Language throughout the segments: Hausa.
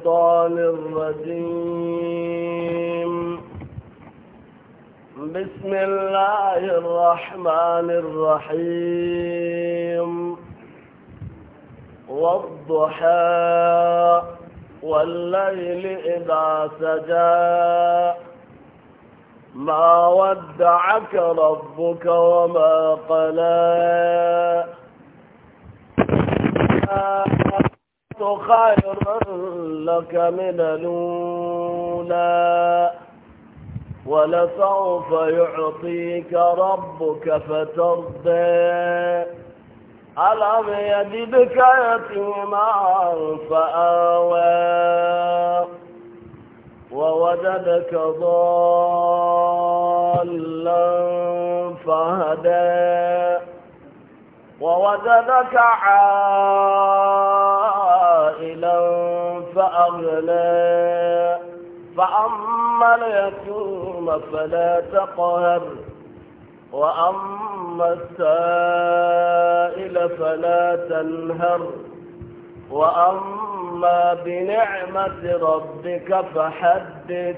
الشيطان الرجيم بسم الله الرحمن الرحيم والضحى والليل إذا سجى ما ودعك ربك وما قلى خير لك من الأولى ولسوف يعطيك ربك فترضي ألم يجدك يتيما فآوى ووجدك ضالا فهدى ووجدك عاما بخلا فأغلى فأما اليتوم فلا تقهر وأما السائل فلا تنهر وأما بنعمة ربك فحدث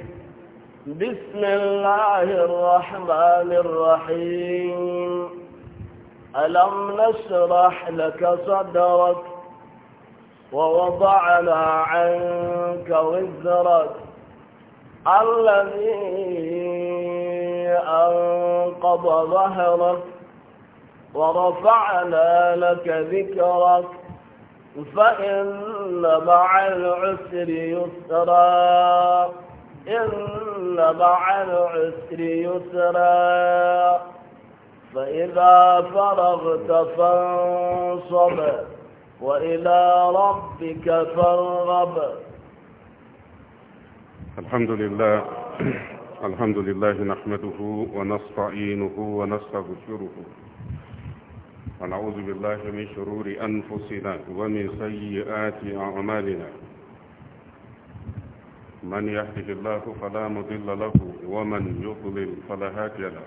بسم الله الرحمن الرحيم ألم نشرح لك صدرك ووضعنا عنك وزرك الذي أنقض ظهرك ورفعنا لك ذكرك فإن مع العسر يسرا إن مع العسر يسرا فإذا فرغت فانصبت وإلى ربك فارغب الحمد لله الحمد لله نحمده ونستعينه ونستغفره ونعوذ بالله من شرور أنفسنا ومن سيئات أعمالنا من يهده الله فلا مضل له ومن يضلل فلا هادي له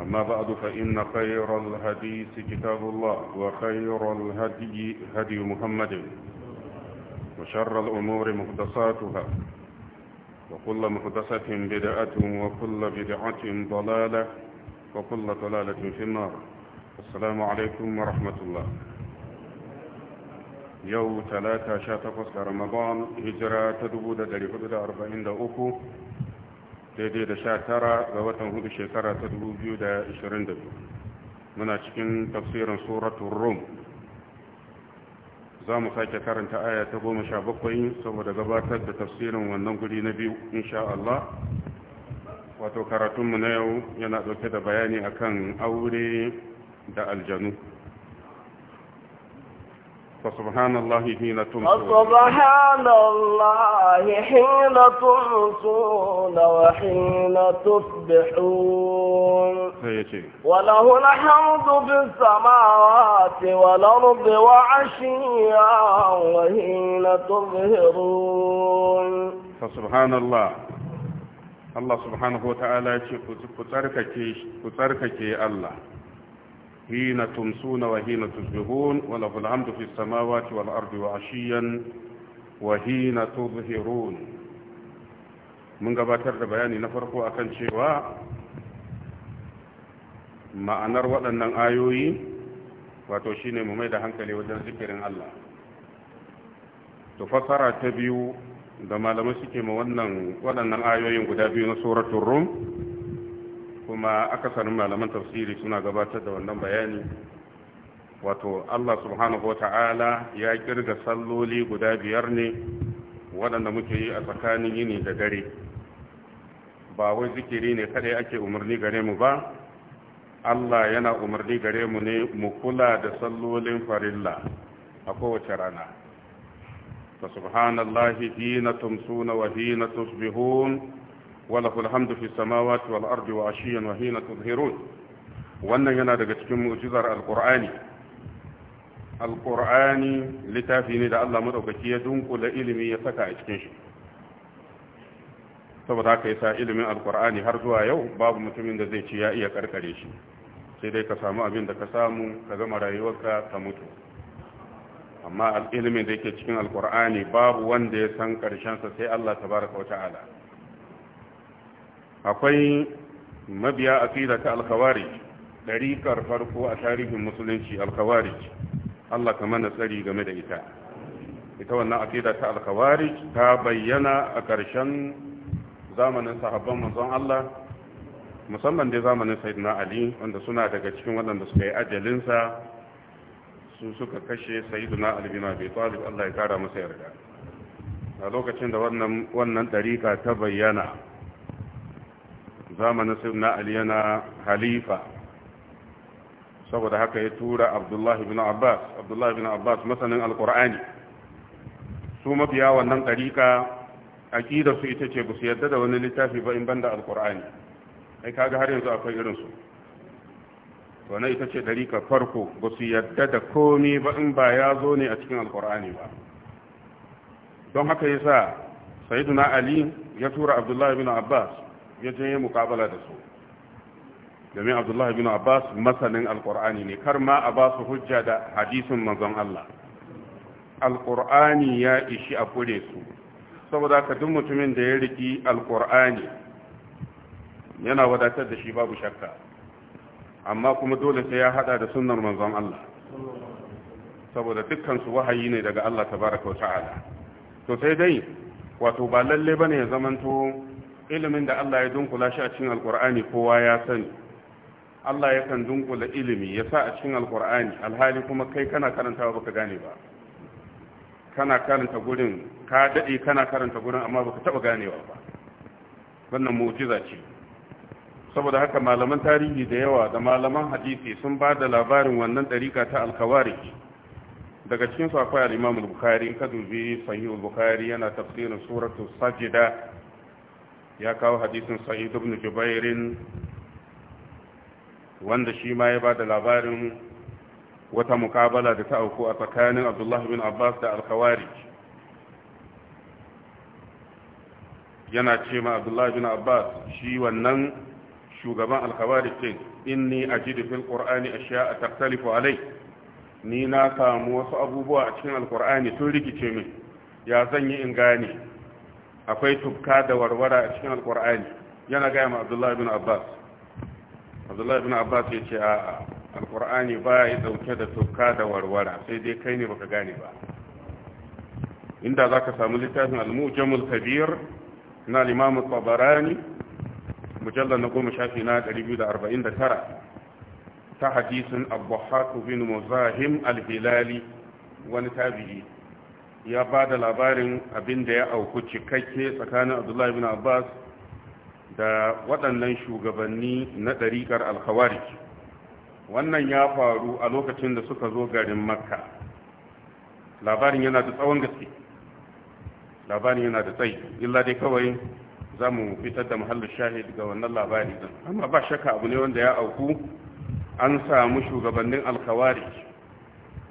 أما بعد فإن خير الحديث كتاب الله وخير الهدي هدي محمد وشر الأمور محدثاتها وكل محدثة بدعة وكل بدعة ضلالة وكل ضلالة في النار السلام عليكم ورحمة الله يوم ثلاثة شاتقص رمضان هجرة تدبود دليل أربعين أكو daidai da sha tara ga watan hudu shekara ta dubu biyu da ashirin da biyu muna cikin tafsirin suratun rum za mu sake karanta aya ta goma sha bakwai saboda gabatar da tafsirin wannan guri na biyu insha Allah wato karatunmu na yau yana ɗauke da bayani akan aure da aljanu فسبحان الله حين تمسون فسبحان الله حين تمسون وحين تصبحون وله الحمد في السماوات والأرض وعشيا وحين تظهرون فسبحان الله الله سبحانه وتعالى يقول كتركك الله hina tumsuna wa hina tusbihun wa alhamdu fis samawati wal wa ashiyan wa hina tuzhirun mun gabatar da bayani na farko akan cewa ma'anar waɗannan ayoyi wato shine mu mai da hankali wajen zikirin Allah to fasara ta biyu ga malamai suke ma wannan waɗannan ayoyin guda biyu na suratul rum kuma akasarin malaman tafsiri suna gabatar da wannan bayani wato Allah subhanahu wa ta'ala ya kirga salloli guda biyar ne waɗanda muke yi a tsakanin yini da dare ba wai zikiri ne kadai ake umarni gare mu ba Allah yana umarni gare mu ne mu kula da sallolin farilla a kowace rana fa subhanallahi hina tumsuna wa hina tusbihun وله الحمد في السماوات والأرض وعشيا وحين تظهرون wannan yana daga cikin mu'jizar alkur'ani alkur'ani littafi ne da Allah madaukaki ya dunkula ilimi ya saka a cikin shi saboda haka yasa ilimin alkur'ani har zuwa yau babu mutumin da zai ci ya iya karkare shi sai dai ka samu abin da ka samu ka gama rayuwarka ka mutu amma ilimin da yake cikin alkur'ani babu wanda ya san karshen sa sai Allah tabaraka wa ta'ala akwai mabiya aqida ta al ɗarikar farko a tarihin musulunci al Allah ka mana tsari game da ita ita wannan aqida ta al ta bayyana a ƙarshen zamanin sahabban manzon Allah musamman dai zamanin sayyidina Ali wanda suna daga cikin waɗanda suka yi ajalinsa su suka kashe sayyidina Ali bin Abi Talib Allah ya kara masa yarda a lokacin da wannan wannan ta bayyana zamanin sirna ali yana halifa saboda haka ya tura abdullahi bin abbas abdullahi bin abbas masanin alkur'ani su mabiya wannan ɗariƙa aƙidar su ita ce ba su yadda da wani littafi ba in banda alkur'ani ai kaga har yanzu akwai irinsu wannan ita ce ɗariƙa farko ba su yadda da komi ba in ba ya zo ne a cikin alkur'ani ba don haka ya sa sayyiduna ali ya tura abdullahi bin abbas ya je mukabala da su domin abdullahi bin abbas masanin alkur'ani ne kar ma a ba su hujja da hadisin manzon allah alkur'ani ya ishi a kure su saboda ka duk mutumin da ya riki alkur'ani yana wadatar da shi babu shakka amma kuma dole sai ya hada da sunnar manzon allah saboda su wahayi ne daga allah tabaraka wa ta'ala to sai dai wato ba lalle bane ya zamanto ilimin da Allah ya dunkula shi a cikin alkur'ani kowa ya sani Allah ya kan dunkula ilimi ya sa a cikin alkur'ani alhali kuma kai kana karantawa ka gane ba kana karanta gurin ka daɗe kana karanta gurin amma ka taɓa ganewa ba wannan mu'jiza ce saboda haka malaman tarihi da yawa da malaman hadisi sun ba da labarin wannan ɗarika ta alkawariki daga cikin su akwai al-imam al-bukhari in ka sahih al-bukhari yana tafsirin suratu sajida ya kawo hadisin sa'id ibn jubairin wanda shi ma ya ba da labarin wata mukabala da ta auku a tsakanin abdullahi bin abbas da alkawari yana ce ma abdullahi bin abbas shi wannan shugaban alkawari ce inni ajidu fil qur'ani ashiya taktalifu alai ni na samu wasu abubuwa a cikin alkur'ani sun rikice min ya zan yi in gane akwai tubka da warwara a cikin alkur'ani yana gaya ma abdullahi bin abbas abdullahi bin abbas ya ce a alkur'ani ba ya dauke da tubka da warwara sai dai kai ne baka gane ba inda za ka samu littafin Almujamul kabir na limamu tabarani mujallar na goma shafi na 249 ta hadisin abu haku bin muzahim al-hilali wani tabi'i ya ba da labarin abin da ya auku cikakke tsakanin abdullahi bin abbas da waɗannan shugabanni na ɗariƙar alkhawarij wannan ya faru a lokacin da suka zo garin makka labarin yana da tsawon gaske labarin yana da tsayi illa dai kawai za mu fitar da muhallin shahid ga wannan labarin. amma ba shakka abu ne wanda ya auku an samu shugabannin alkhawarij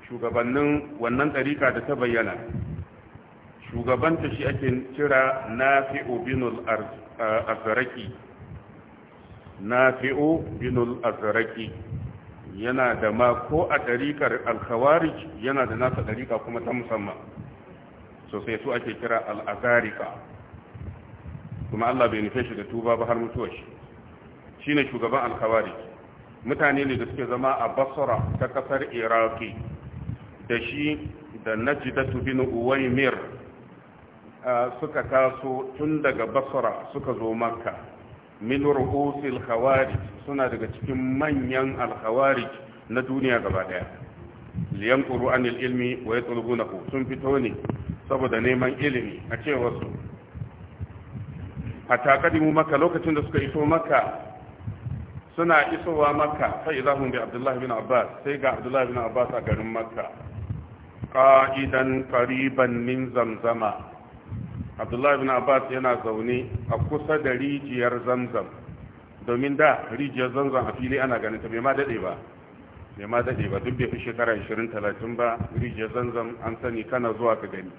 shugabannin wannan ɗarika da ta bayyana shugabanta shi ake kira nafi'u binul eh, azraki nafi'u binul azraki yana da ma ko a ɗarikar alkhawarij yana da nasa ɗarika kuma ta musamman sosai su ake kira al'azarika kuma Allah bai nufe shi da tuba ba har mutuwar shi ne shugaban alkhawarij mutane ne da suke zama a basura ta kasar iraki da shi da najdatu bin uwaymir suka taso tun daga basra suka zo makka min ruhusil khawarij suna daga cikin manyan al-khawarij na duniya gaba daya liyan qur'an ilmi wa yatlubunahu sun fito ne saboda neman ilimi a cewar su hatta kadimu makka lokacin da suka iso makka suna isowa makka sai idahum bi Abdullahi bin abbas sai ga Abdullahi bin abbas a garin makka ƙa'idan ƙariban min zamzama abdullahi bin abbas yana zaune a kusa da rijiyar zamzam domin da rijiyar zamzam a fili ana ganin ta bai ma daɗe ba bai ma daɗe ba duk bai fi shekara 20-30 ba rijiyar zamzam an sani kana zuwa ka gani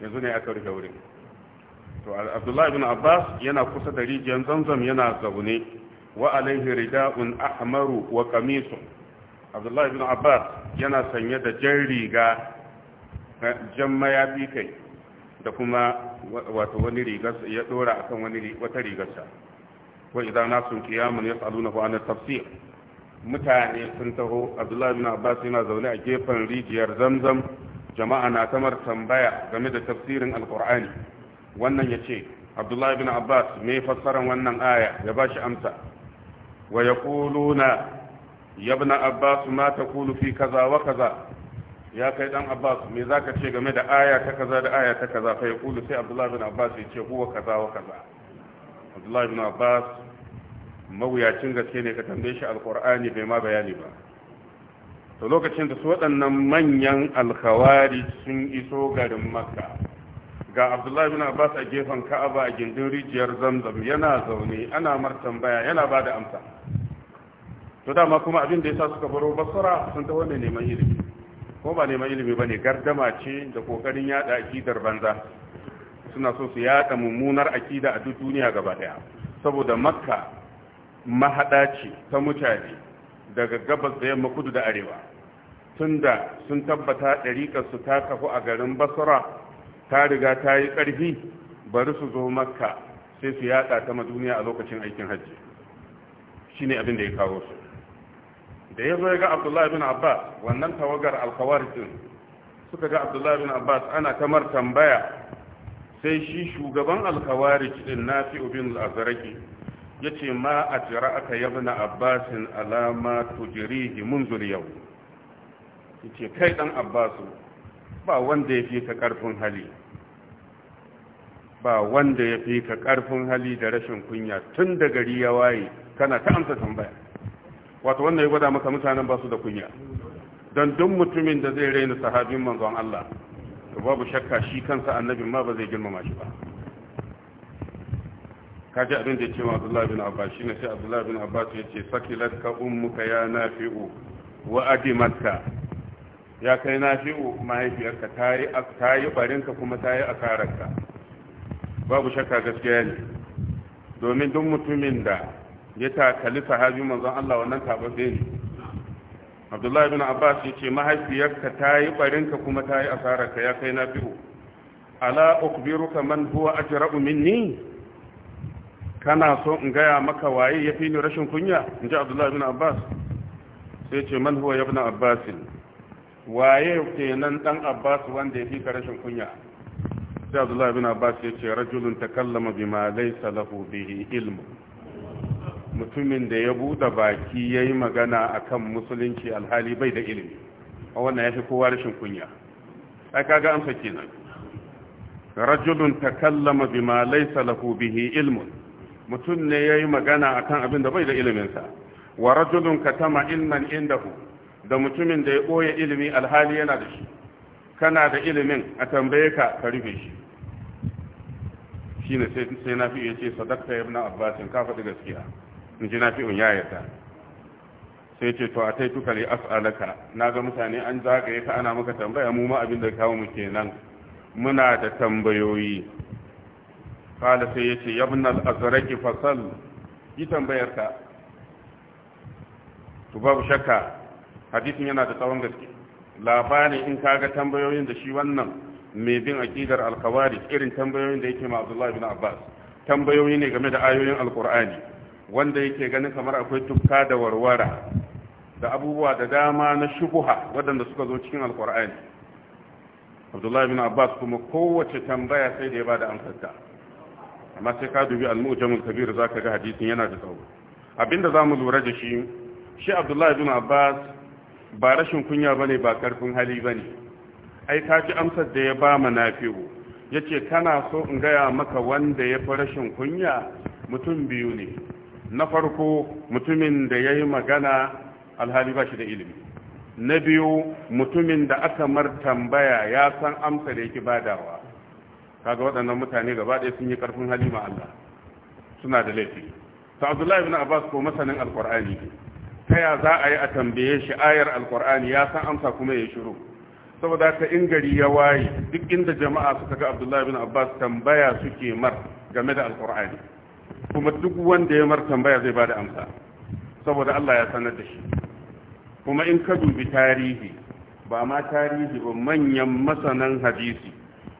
yanzu ne aka rufe wurin to abdullahi bin abbas yana kusa da rijiyar zamzam yana zaune wa alaihi rida'un ahmaru wa qamisun abdullahi bin abbas yana sanye da jan riga jan mayafi kai da kuma wato wani rigar ya dora akan wani wata rigarsa Ko idan na sun nasu qiyamun yas'alunahu an tafsir mutane sun taho Abdullahi bin Abbas yana zaune a gefen rijiyar Zamzam jama'a na kamar tambaya game da tafsirin Alqur'ani wannan yace Abdullahi bin Abbas me fassaran wannan aya ya ba shi amsa wa Kulu ya ibn Abbas ma taqulu fi kaza wa kaza ya kai dan abbas me zaka ce game da aya ta kaza da aya ta kaza fa Kulu sai abdullahi bin abbas ya ce huwa kaza wa kaza abdullahi bin abbas mawuyacin gaske ne ka tambaye shi alqur'ani bai ma bayani ba to lokacin da su waɗannan manyan alkhawari sun iso garin makka ga abdullahi bin abbas a gefen ka'aba a gindin rijiyar zamzam yana zaune ana mar tambaya yana ba da amsa to dama kuma abin da ya sa suka baro basara sun ta wani neman ilimi ko ba neman ilimi ba ne gardama ce da kokarin yada akidar banza suna so su yada mummunar akida a duk duniya gaba daya saboda makka mahada ce ta mutane daga gabas da yamma kudu da arewa tunda sun tabbata ɗariƙarsu ta kafu a garin basura ta riga ta yi ƙarfi bari su zo makka sai su yada ta ma duniya a lokacin aikin hajji shine abin da ya kawo su da ya zo ya ga abdullahi bin abbas wannan tawagar alkawari suka ga abdullahi bin abbas ana kamar tambaya sai shi shugaban alkawari din nafi obin azaraki ya ce ma a jira aka yabna abbasin alama tujirihi munzur yau ya ce kai dan abbasu ba wanda ya fi ka karfin hali ba wanda ya ka karfin hali da rashin kunya tun da gari ya waye kana ta amsa tambaya wato wannan ya gwada maka mutanen ba su da kunya don duk mutumin da zai raina sahabin manzon Allah to babu shakka shi kansa annabin ma ba zai girmama shi ba kaji abin da ya ce wa Abdullah bin Abbas ne sai Abdullah bin Abbas ya ce sakilat ka ummuka ya nafi'u wa adimatka ya kai nafi'u mahaifiyarka tayi tayi barinka kuma tayi akararka babu shakka gaskiya ne domin duk mutumin da ya takali sahabi manzon Allah wannan tababbe ne Abdullahi ibn Abbas ya ce mahaifiyarka ta yi barinka kuma ta yi asararka ya kai na biyu ala ukbiruka man huwa ajra'u minni kana so in gaya maka waye ya fi ni rashin kunya in ji Abdullahi ibn Abbas sai ce man huwa ibn Abbas waye kenan dan Abbas wanda ya fi ka rashin kunya sai Abdullahi ibn Abbas ya ce rajulun takallama bima laysa lahu bihi ilmu mutumin da ya buɗe baki ya yi magana a kan musulunci alhali bai da ilimi a wannan ya fi kowa rashin kunya ai kaga amsa kenan rajulun takallama ma laisa lahu bihi ilmun mutum ne ya yi magana akan abin da bai da iliminsa wa rajulun ka tama ilman indahu da mutumin da ya boye ilimi alhali yana da shi kana da ilimin a tambaye ka ka rufe shi ne sai fi iya ce sadaqta ibn abbasin ka faɗi gaskiya in ji nafi'un ya yarda sai ce to a tai tuka ne as'alaka na ga mutane an zagaye ka ana maka tambaya mu ma abin da kawo mu kenan muna da tambayoyi kala sai yace yabna al-azraqi fasal yi tambayar ka to babu shakka hadisin yana da tsawon gaske labari in ka ga tambayoyin da shi wannan mai bin aqidar al-khawarij irin tambayoyin da yake ma abdullahi bin Abbas tambayoyi ne game da ayoyin al-Qur'ani wanda yake ganin kamar akwai tufka da warwara da abubuwa da dama na shubuha waɗanda suka zo cikin alkur'ani abdullahi bin abbas kuma kowace tambaya sai da ya bada amsarta amma sai ka dubi al Kabiru kabir zaka ga hadisin yana da tsawo abinda zamu lura da shi shi abdullahi bin abbas ba rashin kunya bane ba karfin hali bane ai ka ji amsar da ya ba manafi'u yace kana so in gaya maka wanda ya fi rashin kunya mutum biyu ne na farko mutumin da ya yi magana alhali ba shi da ilimi na biyu mutumin da aka mar tambaya ya san amsa da yake badawa kaga waɗannan mutane gaba ɗaya sun yi ƙarfin halima Allah suna da laifi ta abdullahi ibn abbas ko masanin alqur'ani ne ta ya za a yi a tambaye shi ayar alqur'ani ya san amsa kuma ya shiru saboda ka in gari ya waye duk inda jama'a suka ga abdullahi ibn abbas tambaya suke mar game da alqur'ani kuma duk wanda ya mar tambaya zai bada amsa saboda Allah ya sanar da shi kuma in ka dubi tarihi ba ma tarihi ba manyan masanan hadisi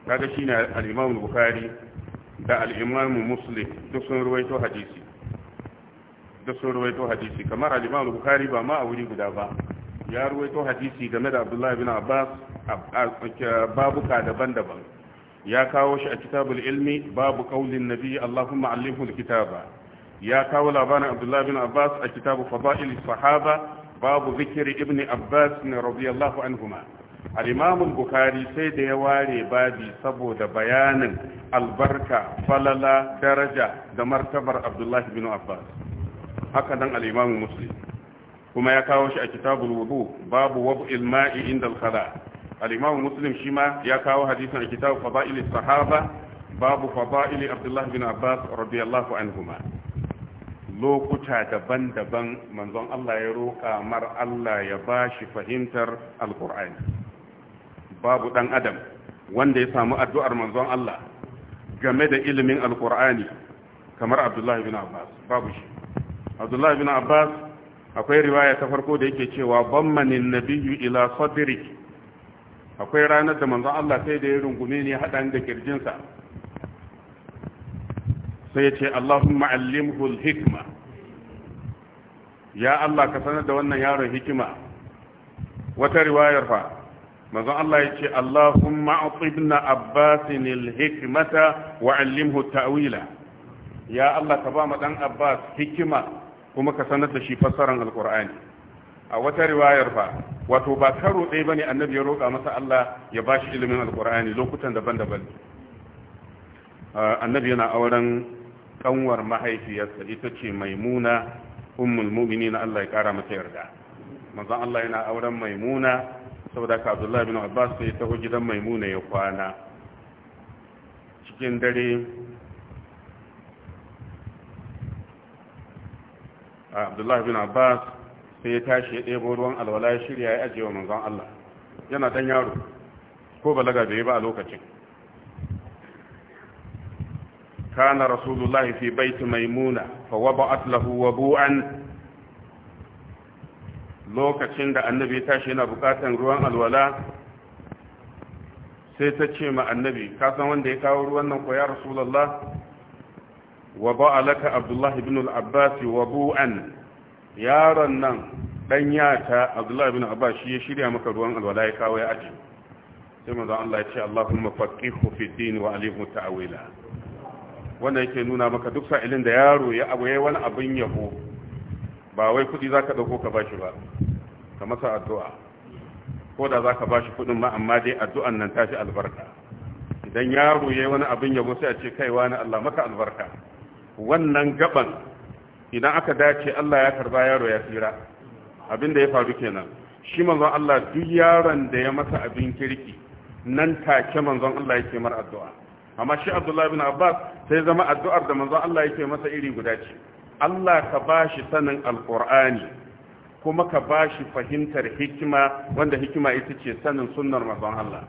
kaga shine al-Imam Bukhari da al-Imam Muslim duk sun ruwaito hadisi duk sun ruwaito hadisi kamar al-Imam Bukhari ba ma a wuri guda ba ya ruwaito hadisi game da Abdullah ibn Abbas babuka daban-daban ya kawo shi a kitabul ilmi babu qaulin nabi Allahumma allimhu alkitaba ya kawo labarin Abdullah bin Abbas a kitabu fadail sahaba babu zikiri ibn Abbas radiyallahu anhuma al-Imam al-Bukhari sai da ya ware babi saboda bayanin albarka falala daraja da martabar Abdullah bin Abbas haka dan al Muslim kuma ya kawo shi a kitabul wudu babu wad'il ma'i inda al-khala' al-imam muslim shi ma ya kawo hadisin a kitab fada'il sahaba babu fada'il Abdullahi bin abbas radiyallahu anhuma lokuta daban-daban manzon Allah ya roƙa mar Allah ya ba shi fahimtar alqur'ani babu ɗan adam wanda ya samu addu'ar manzon Allah game da ilimin alqur'ani kamar Abdullahi bin abbas babu shi Abdullahi bin abbas akwai riwaya ta farko da yake cewa bammanin nabiyyu ila sadri akwai ranar da manzon Allah sai da ya rungume ne haɗan da kirjinsa sai ya ce Allahumma allimhu hikma ya Allah ka sanar da wannan yaron hikima wata riwayar fa manzon Allah ya ce Allahumma atibna abbasin hikmata wa allimhu ta'wila ya Allah ka ba mu dan Abbas hikima kuma ka sanar da shi fassarar alqur'ani a wata riwayar fa wato ba karo ɗaya bane annabi ya roƙa masa Allah ya bashi ilimin alƙur'ani lokutan daban-daban annabi yana auren kanwar mahaifiyarsa ita ce maimuna ummul mu'minin Allah ya kara mata yarda manzon Allah yana auren maimuna saboda ka Abdullah bin Abbas sai taho gidan maimuna ya kwana cikin dare Abdullah bin Abbas sai ya tashi ya ɗebo ruwan alwala ya shirya ya ajiye wa manzon Allah yana dan yaro ko balaga bai ba a lokacin kana rasulullahi fi baiti maimuna fa wada'at lahu wabu'an lokacin da annabi ya tashi yana bukatan ruwan alwala sai ta ce ma annabi ka san wanda ya kawo ruwan nan ko ya rasulullah wa laka abdullahi ibn al-abbas wabu'an yaron nan dan ta abdullahi bin abbas shi ya shirya maka ruwan alwala ya kawo ya aji sai manzo Allah ya ce Allahumma faqihu fi din wa alimhu ta'wila wannan yake nuna maka duk sa'ilin da yaro ya abu yayi wani abin yabo ba wai kudi zaka dauko ka bashi ba ka masa addu'a ko da zaka bashi kudin ma amma dai addu'an nan tashi albarka idan yaro yayi wani abin yabo sai a ce kaiwa na Allah maka albarka wannan gaban idan aka dace Allah ya karba yaro ya tsira abinda ya faru kenan shi manzon Allah duk yaron da ya masa abin kirki nan take manzon Allah yake mar addu'a amma shi Abdullah ibn Abbas sai zama addu'ar da manzon Allah yake masa iri guda ce Allah ka bashi sanin alqur'ani kuma ka bashi fahimtar hikima wanda hikima ita ce sanin sunnar manzon Allah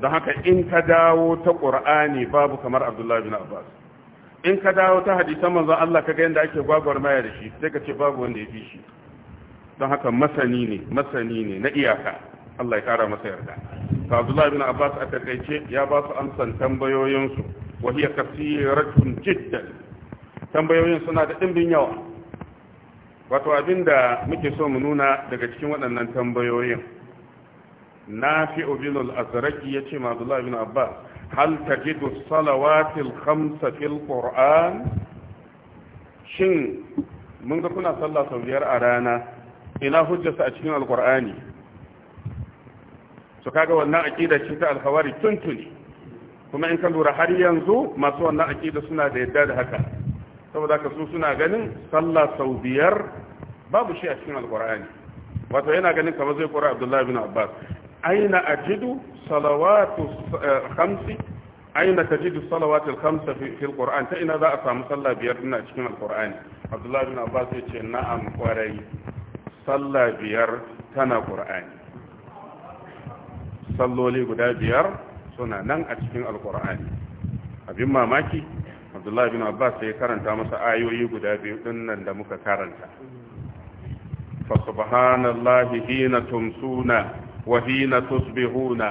don haka in ka dawo ta qur'ani babu kamar Abdullah ibn Abbas in ka dawo ta hadisa manzon Allah kaga yanda ake gwagwarmaya da shi sai ka ce babu wanda ya fi shi don haka masani ne masani ne na iyaka Allah ya kara masa yarda fa Abdullah ibn Abbas a takaice ya ba su amsan tambayoyin su wa hiya kasiratun jiddan tambayoyin suna da dimbin yawa wato abinda muke so mu nuna daga cikin waɗannan tambayoyin nafi'u bin al-azraqi yace ma Abdullah ibn Abbas hal tajidu salawatil khamsa fil qur'an shin mun ga kuna sallah sau biyar a rana ina hujjarsa a cikin alqur'ani su kaga wannan aqida ce ta alkhawari tuntuni kuma in ka lura har yanzu masu wannan aqida suna da yadda da haka saboda ka su suna ganin sallah sau biyar babu shi a cikin alqur'ani wato yana ganin kamar zai kora abdullahi bin abbas aina ajidu salawatu khamsi aina tajidu salawatul khamsa fi ta ina za a samu sallah biyar din a cikin alqur'ani abdullahi bin abbas yace na'am kwarai sallah biyar tana qur'ani salloli guda biyar suna nan a cikin alqur'ani abin mamaki abdullahi bin abbas ya karanta masa ayoyi guda biyu din nan da muka karanta fa tumsuna وحين تصبحون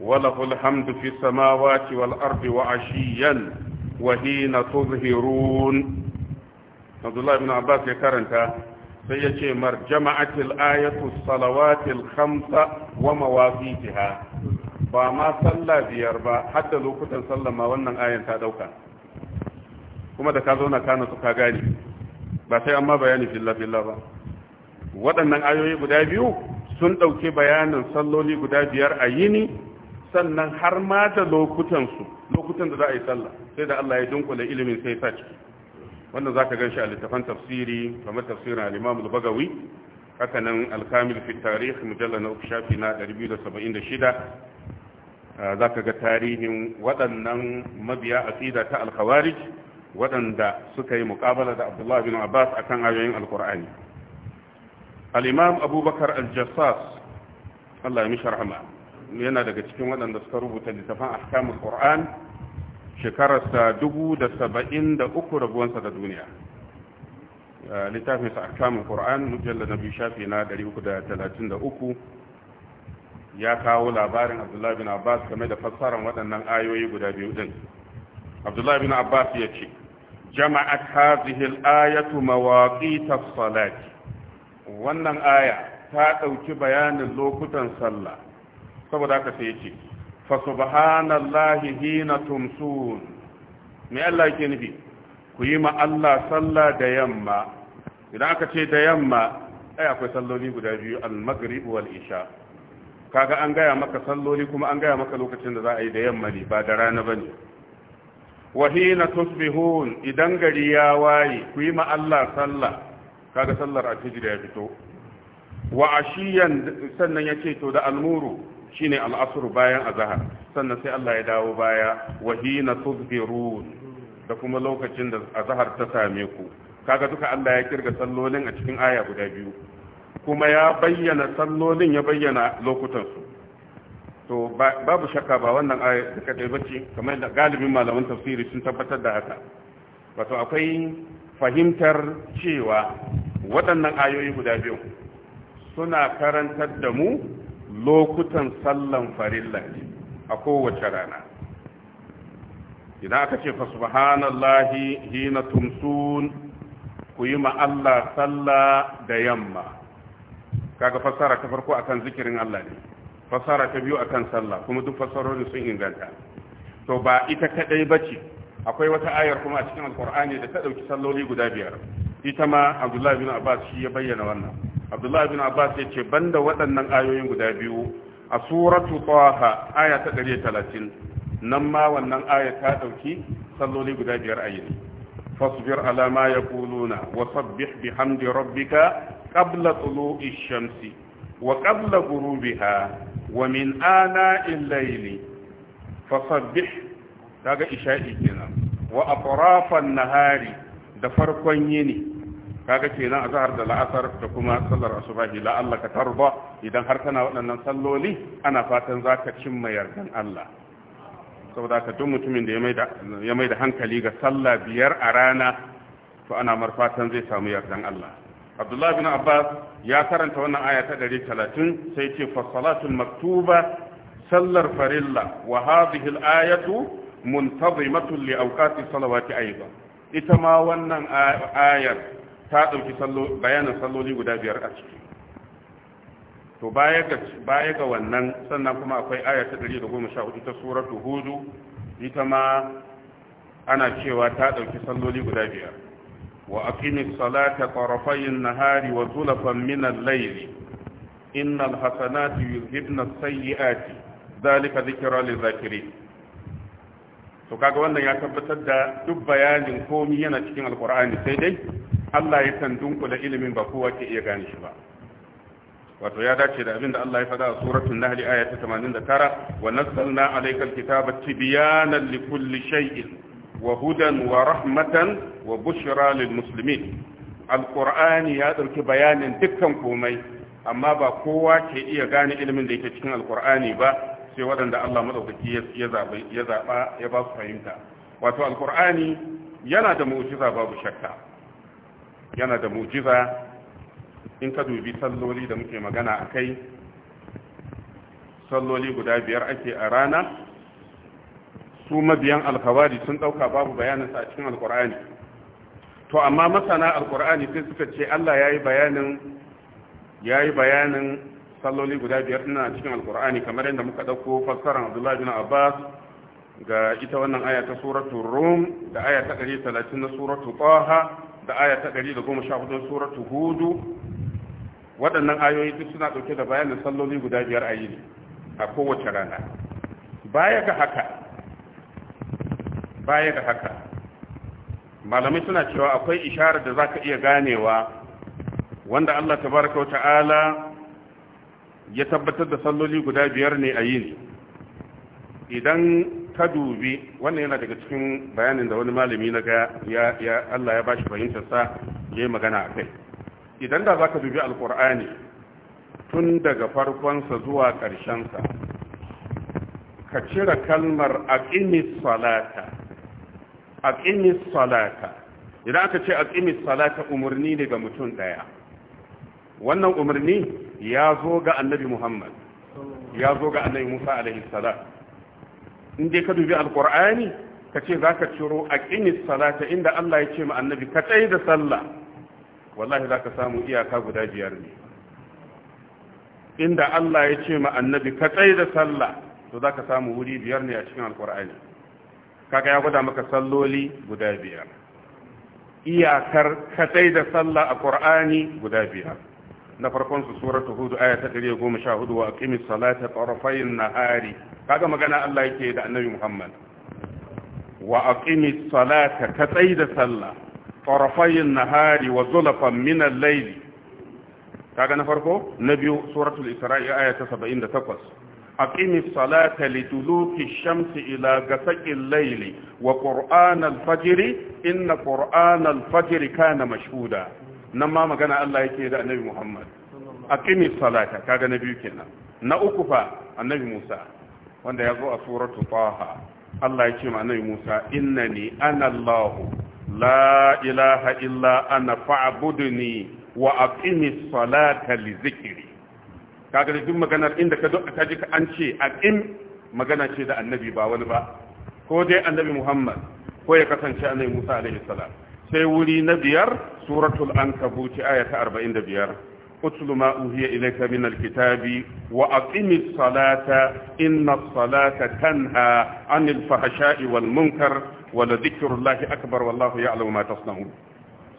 وله الحمد في السماوات والأرض وعشيا وحين تظهرون عبد الله بن عباس يكرنتا سيأتي مرجمعة الآية الصلوات الخمسة ومواقيتها فما صلى بيربا حتى لو كنت صلى ما ونن آية تادوكا كما دكازونا كانت كاغاني ba sai amma bayani filla filla ba waɗannan ayoyi guda biyu sun ɗauki bayanin salloli guda biyar a yini sannan har ma da lokutansu lokutan da za a yi sallah sai da Allah ya dunkule ilimin sai ta ciki wannan za ka gan shi a littafan tafsiri kamar tafsirin al-imam al-bagawi haka nan al-kamil fi tarikh mujalla na shafi na 276 za ka ga tarihin waɗannan mabiya aqida ta al waɗanda suka yi muqabala da Abdullahi bin Abbas akan ayoyin al Alimam abubakar al-jassas Allah ya mishi rahama yana daga cikin waɗanda suka rubuta littafin ahkamul qur'an shekararsa dubu 1073 rabuwansa da duniya Littafinsa sa ahkamul qur'an mujallad nabi shafi na ɗari uku da da talatin uku, ya kawo labarin abdullahi bin abbas game da fassarar waɗannan ayoyi guda biyu din abdullahi bin abbas ya ce jama'at hadhihi al-ayatu mawaqit as-salati wannan aya ta ɗauki bayanin lokutan sallah saboda haka sai yace fa subhanallahi hina tumsun me Allah yake nufi ku yi ma Allah sallah da yamma idan aka ce da yamma ai akwai salloli guda biyu al-maghrib wal isha kaga an gaya maka salloli kuma an gaya maka lokacin da za a yi da yamma ne ba da rana bane wahina tusbihun idan gari ya waye ku yi ma Allah sallah kaga sallar alfijir ya fito wa ashiyan sannan ya ce to da almuru shine al'asr bayan azhar sannan sai Allah ya dawo baya wa hina tudhirun da kuma lokacin da azhar ta same ku kaga duka Allah ya kirga sallolin a cikin aya guda biyu kuma ya bayyana sallolin ya bayyana lokutan su to babu shakka ba wannan aya da kadai bace kamar da galibin malaman tafsiri sun tabbatar da haka wato akwai fahimtar cewa waɗannan ayoyi guda biyu suna karantar da mu lokutan sallan farilla a kowace rana idan aka ce fa subhanallahi hina tumsun ku yi ma Allah sallah da yamma kaga fassara ta farko akan zikirin Allah ne fassara ta biyu akan sallah kuma duk fassarorin sun inganta to ba ita kadai bace akwai wata ayar kuma a cikin alkur'ani da ta dauki salloli guda biyar ita ma abdullahi bin abbas shi ya bayyana wannan abdullahi bin abbas ya ce banda waɗannan ayoyin guda biyu a suratu taha aya ta 130 nan ma wannan aya ta dauki salloli guda biyar a yini fasbir ala ma yaquluna wa sabbih bihamdi rabbika qabla tulu'i shamsi wa qabla ghurubiha wa min ana al fasabbih ga isha'i kenan wa atrafan nahari da farkon yini kaga kenan azhar da la'asar da kuma sallar asubahi la Allah ka tarba idan har kana waɗannan salloli ana fatan zaka cimma yardan Allah saboda ka duk mutumin da ya mai da hankali ga sallah biyar a rana to ana marfatan zai samu yardan Allah Abdullah bin Abbas ya karanta wannan aya ta 130 sai ce fa salatul maktuba sallar farilla wa hadhihi al-ayatu muntazimatun li awqati salawati aiba ita ma wannan ayar ta dauki sallo bayanin salloli guda biyar a ciki to baya ga baya ga wannan sannan kuma akwai aya ta 114 ta suratu hudu ita ma ana cewa ta dauki salloli guda biyar wa aqimis salata tarafayn nahari wa zulfan min al Inna innal hasanati yuzhibna as-sayyi'ati zalika dhikra lidh-dhakirin to kaga wannan ya tabbatar da duk bayanin komi yana cikin alkur'ani sai dai Allah ya san dunkula ilimin ba kowa ke iya gane shi ba wato ya dace da abin da Allah ya faɗa a suratul nahl aya ta 89 wa nazzalna alaykal kitaba tibyanan likulli shay'in wa hudan wa rahmatan wa bushra lil muslimin alqur'ani ya dauki bayanin dukkan komai amma ba kowa ke iya gane ilimin da yake cikin alqur'ani ba sai waɗanda Allah madaukaki ya zaba ya zaba ya ba su fahimta wato alqur'ani yana da mu'jiza babu shakka yana da mu'jiza in ka dubi salloli da muke magana akai salloli guda biyar ake a rana su mabiyan alkhawari sun dauka babu bayanin sa a cikin alqur'ani to amma masana alqur'ani sai suka ce Allah yayi bayanin yayi bayanin salloli guda biyar ina cikin alkur'ani kamar yadda muka ɗauko fassarar abdullahi bin abbas ga ita wannan aya ta suratul rum da aya ta 130 na suratul taha da aya ta 114 na suratul hudu waɗannan ayoyi duk suna ɗauke da bayanin salloli guda biyar a yini a kowace rana baya ga haka baya ga haka malamai suna cewa akwai isharar da za ka iya ganewa wanda Allah tabaraka wa ta'ala ya tabbatar da salloli guda biyar ne a ne idan ka dubi wannan yana daga cikin bayanin da wani malami na ga ya Allah ya bashi fahimtar sa ya yi magana a kai idan da za ka dubi alkur'ani tun daga farkonsa zuwa ƙarshensa ka cire kalmar aqimis salata idan aka ce aqimis salata umarni ne ga mutum ɗaya wannan umarni ya zo ga annabi muhammad ya zo ga annabi musa alaihi salam in dai ka dubi alkur'ani ka ce za ka ciro a ƙinis salata inda allah ya ce ma annabi ka tsaye da sallah wallahi za ka samu iyaka guda biyar ne inda allah ya ce ma annabi ka tsaye da sallah to za ka samu wuri biyar ne a cikin alkur'ani kaga ya gwada maka salloli guda biyar iyakar ka tsaye da sallah a ƙur'ani guda biyar na farkon su suratu hud aya ta goma sha hudu wa aqimis salata tarafayn nahari kaga magana Allah yake da annabi Muhammad wa aqimis salata ka da sallah tarafayn nahari wa zulfan min al-layl kaga na farko na biyu suratul isra'i aya ta saba'in da takwas. 78 أقم الصلاة لدلوك الشمس إلى غسق الليل وقرآن الفجر إن قرآن الفجر كان mashuda. nan ma magana Allah yake da annabi Muhammad aqimi salata kaga na biyu kenan na uku fa annabi Musa wanda ya zo a suratu Taha Allah ya ce ma annabi Musa innani ana Allah la ilaha illa ana fa'budni wa aqimi salata li zikri kaga duk maganar inda ka duk ka ji an ce aqim magana ce da annabi ba wani ba ko dai annabi Muhammad ko ya kasance annabi Musa alaihi salam sai wuri na biyar suratul ankabuti aya ta 45 utlu ma uhiya ilayka min alkitabi wa aqimis salata inna salata tanha anil fahsha'i wal munkar wa la dhikrullahi akbar wallahu ya'lamu ma tasna'un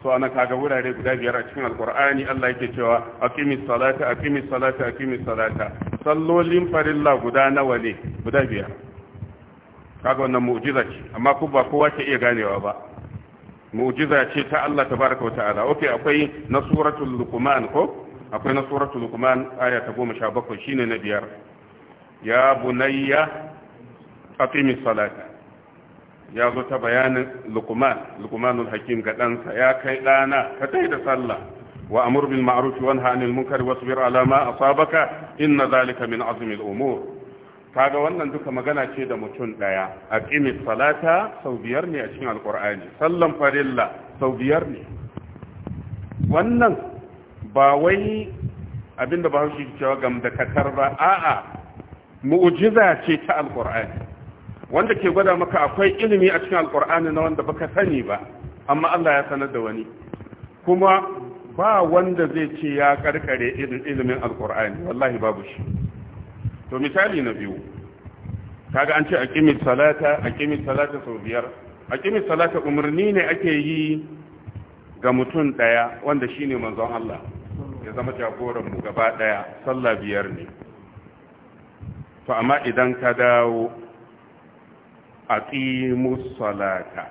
so ana kaga wurare guda biyar a cikin alqur'ani Allah yake cewa aqimis salata aqimis salata aqimis salata sallolin farilla guda nawa ne guda biyar kaga wannan mu'jiza ce amma ku ba kowa ke iya ganewa ba mu'jiza ce ta Allah tabaraka wa ta'ala okay akwai na suratul luqman ko akwai na luqman aya ta 17 shine na biyar ya bunayya aqimi salata ya zo ta bayanin luqman luqmanul hakim ga ɗansa ya kai ɗana ka tai da sallah wa amur bil ma'ruf wa anha anil munkar wasbir ala ma asabaka inna zalika min azmi al umur kaga wannan duka magana ce da mutum daya aqimis salata sau biyar ne a cikin alqur'ani sallan farilla sau biyar ne wannan ba wai abinda ba haushi cewa gam da katar ba a'a mu'jiza ce ta Alƙur'ani. wanda ke gwada maka akwai ilimi a cikin alqur'ani na wanda baka sani ba amma Allah ya sanar da wani kuma ba wanda zai ce ya karkare ilimin alqur'ani wallahi babu shi to misali na biyu kaga an ce a kimi salata kimi salata sau biyar a kimi salata umarni ne ake yi ga mutum ɗaya, wanda shi ne manzon Allah ya zama jagoran mu gaba ɗaya, sallah biyar ne to amma idan ka dawo a kimi salata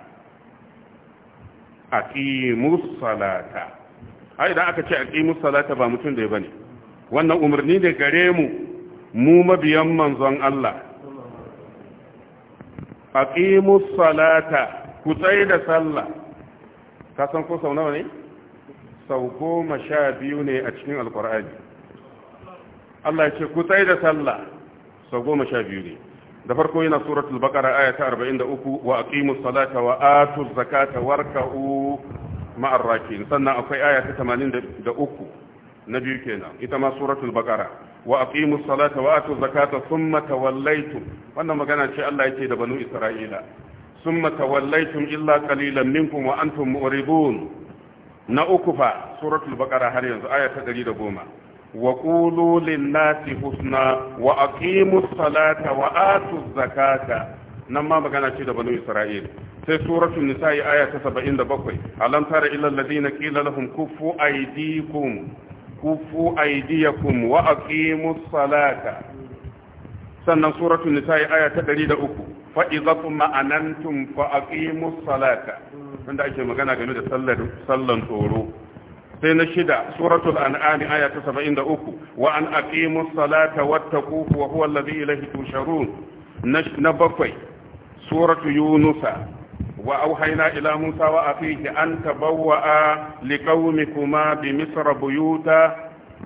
a kimi salata a idan aka ce a kimi salata ba mutum da ya bane wannan umarni ne gare mu mu mabiyan manzon Allah aqimu salata ku tsaye da sallah ka san ko sau nawa ne sau goma sha biyu ne a cikin alkur'ani Allah ya ce ku tsaye da sallah sau goma sha biyu ne da farko yana suratul baqara aya ta 43 wa aqimu salata wa atu zakata warka'u ma'arrakin sannan akwai aya ta 83 na biyu kenan ita ma suratul baqara wa aqimu salata wa atu zakata thumma tawallaytum wannan magana ce Allah yake da banu Isra'ila thumma tawallaytum illa qalilan minkum wa antum mu'ridun na uku fa suratul baqara har yanzu aya ta 110 wa qulu lin-nasi husna wa aqimu salata wa atu zakata nan ma magana ce da banu Isra'ila sai suratul nisa'i aya ta 77 alam tara illa alladhina qila lahum kuffu aydikum kufu aydiyakum wa aqimus salata sannan suratul nisa'i aya ta 103 fa idza ma'anantum fa aqimus salata wanda ake magana game da sallar sallan tsoro sai na shida suratul an'am aya ta 73 wa an aqimus salata wattaquhu wa huwa alladhi ilayhi tusharun na bakwai suratul yunusa wa auhaina ila musa wa akhihi an tabawwa'a liqaumikuma bi misra buyuta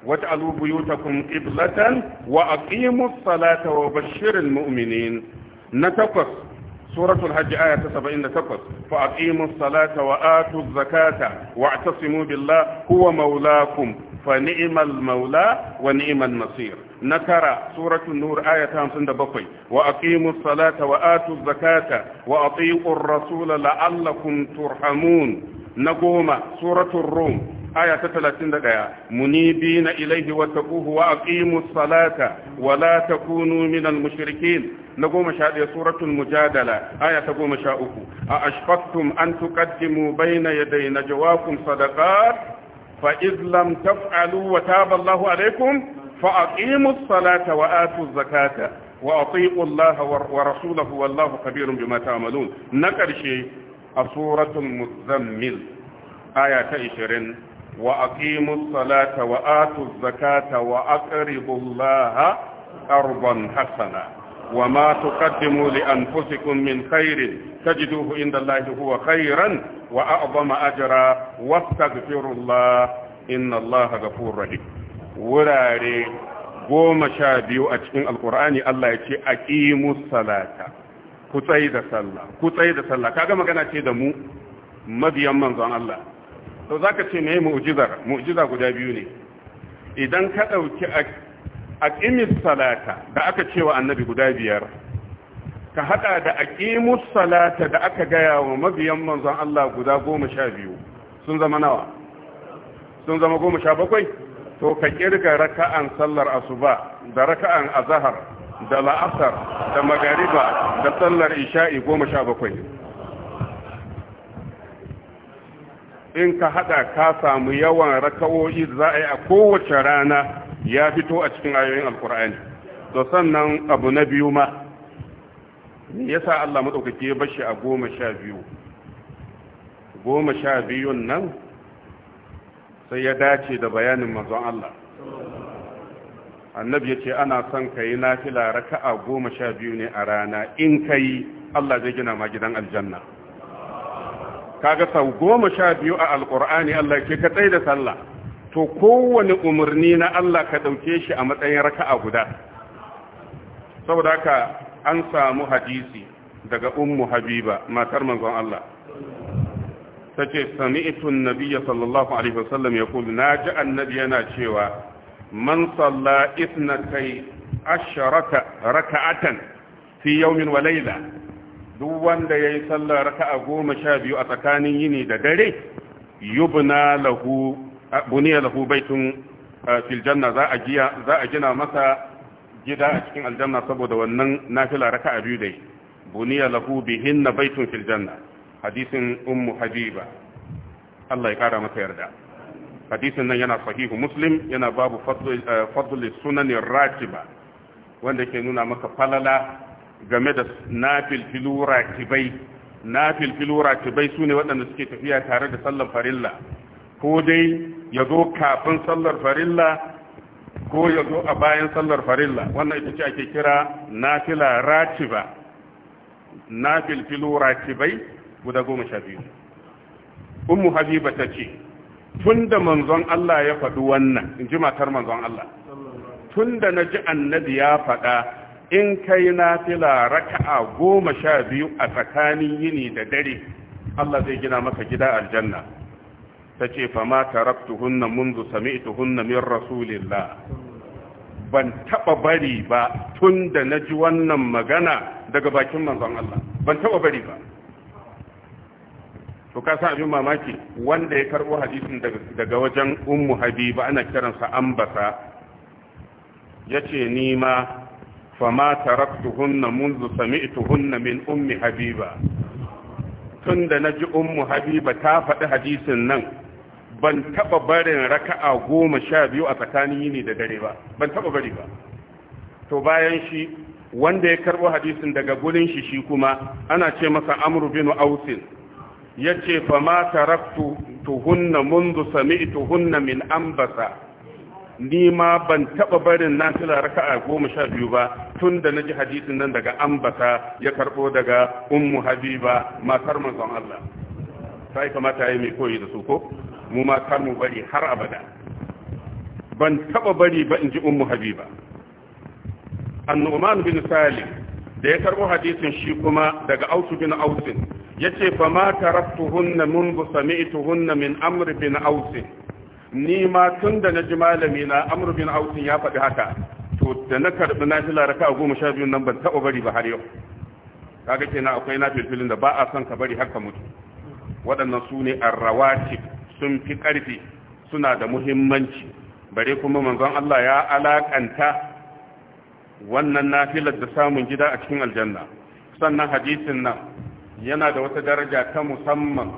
waj'alu buyutakum qiblatan wa aqimus salata wa bashshiril mu'minin na takwas suratul hajj aya ta 78 fa aqimus salata wa atuz zakata wa'tasimu billah huwa maulakum fa ni'mal maula wa ni'mal nasir nakara suratul nur ayata 57 wa aqimus salata wa atuz zakata wa atiiqur rasula la'allakum turhamun na goma suratul rum aya ta 31 munibina ilayhi wa taquhu wa aqimus salata wa la takunu minal mushrikeen na goma sha ɗaya suratul mujadala aya ta goma sha uku a ashfaqtum an baina ya daina jawakun sadaka. fa iz lam taf'alu wa taba alaikum fa salata wa zakata wa atiqu Allah wa rasulahu wallahu kabirun bima ta'malun na ƙarshe a suratul muzammil aya ta 20 wa salata zakata وما تقدموا لأنفسكم من خير تجدوه عند الله هو خيرا وأعظم أجرا واستغفروا الله إن الله غفور رحيم وراري goma sha biyu a cikin alkur'ani Allah ya ce aqimu salata ku tsayi ku tsayi da sallah kaga magana ce da mu mabiyan manzon Allah to ce me guda biyu ne idan ka a. aqimis salata da aka cewa annabi guda biyar ka hada da aqimus salata da aka gaya wa mabiyan manzon Allah guda 12 sun zama nawa sun zama 17 to ka kirga raka'an sallar asuba da raka'an azhar da la'asar da magariba da sallar isha'i 17 in ka hada ka samu yawan raka'o'i za a yi a kowace rana ya fito a cikin ayoyin alkur'ani to sannan abu na biyu ma yasa Allah madaukake ya bashi a goma sha biyu goma sha biyun nan sai ya dace da bayanin manzon Allah annabi ya ce ana son ka yi nafila raka'a goma sha biyu ne a rana in ka yi Allah zai gina ma gidan aljanna kaga sau goma sha biyu a alkur'ani Allah ke ka tsaye da sallah to kowane umarni na Allah ka ɗauke shi a matsayin raka'a guda saboda haka an samu hadisi daga ummu habiba matar manzon Allah ta ce sami'itun nabiya sallallahu alaihi wasallam ya kulu na ji annabi yana cewa man salla kai asharaka raka'atan fi yawmin wa layla duk wanda yayi sallar raka'a goma sha biyu a tsakanin yini da dare yubna lahu buniya lahu baitun fil janna za a giya za a gina masa gida a cikin aljanna saboda wannan nafila a biyu dai buniya lahu bihinna baitun fil janna hadisin ummu habiba Allah ya kara masa yarda hadisin nan yana sahihu muslim yana babu fadl eh, sunan ratiba wanda ke nuna maka falala game da nafil filu ratibai nafil filu ratibai sune waɗanda suke tafiya tare da sallar farilla ko dai ya zo kafin sallar farilla ko ya zo a bayan sallar farilla wannan ita ce ake kira nafila ratiba nafil ratibai guda goma sha biyu Umu habiba ta ce tun da manzon Allah ya faɗi wannan in ji matar manzon Allah tun da na ji annabi ya faɗa in kai nafila raka'a goma sha biyu a tsakanin yini da dare Allah zai gina maka gida aljanna ta ce fama taraktuhunna mundu sami'tuhunna min rasulillah ban taba bari ba tun da na ji wannan magana daga bakin manzon Allah ban taba bari ba to ka sa abin mamaki wanda ya karbo hadisin daga wajen ummu habiba ana kiransa ambasa yace ni ma fama taraktuhunna منذ سمعتهن min ummi habiba tunda naji ummu habiba ta faɗi hadisin nan ban taba barin raka'a goma sha biyu a tsakanin yini da dare ba ban taba bari ba to bayan shi wanda ya karbo hadisin daga gurin shi shi kuma ana ce masa amru bin ausin yace fa ma taraktu tuhunna mundu hunna min ambasa ni ma ban taba barin nafila raka'a goma sha biyu ba tun da naji hadisin nan daga ambasa ya karbo daga ummu habiba matar manzon Allah sai kamata yi mai koyi da su ko mu mu bari har abada ban taba bari ba in ji ummu habiba annu'man bin salim da ya karbo hadisin shi kuma daga ausu bin ausin yace fa ma taraktuhunna mundu sami'tuhunna min amr bin ausin ni ma tun da naji malami na amr bin ya faɗi haka to da na karbi na fila raka goma sha biyu nan ban taba bari ba har yau kaga kenan akwai na filfilin da ba a son ka bari haka mutu waɗannan su ne arrawatib sun fi ƙarfi suna da muhimmanci bare kuma manzon Allah ya alakanta wannan nafilar da samun gida a cikin aljanna sannan hadisin nan yana da wata daraja ta musamman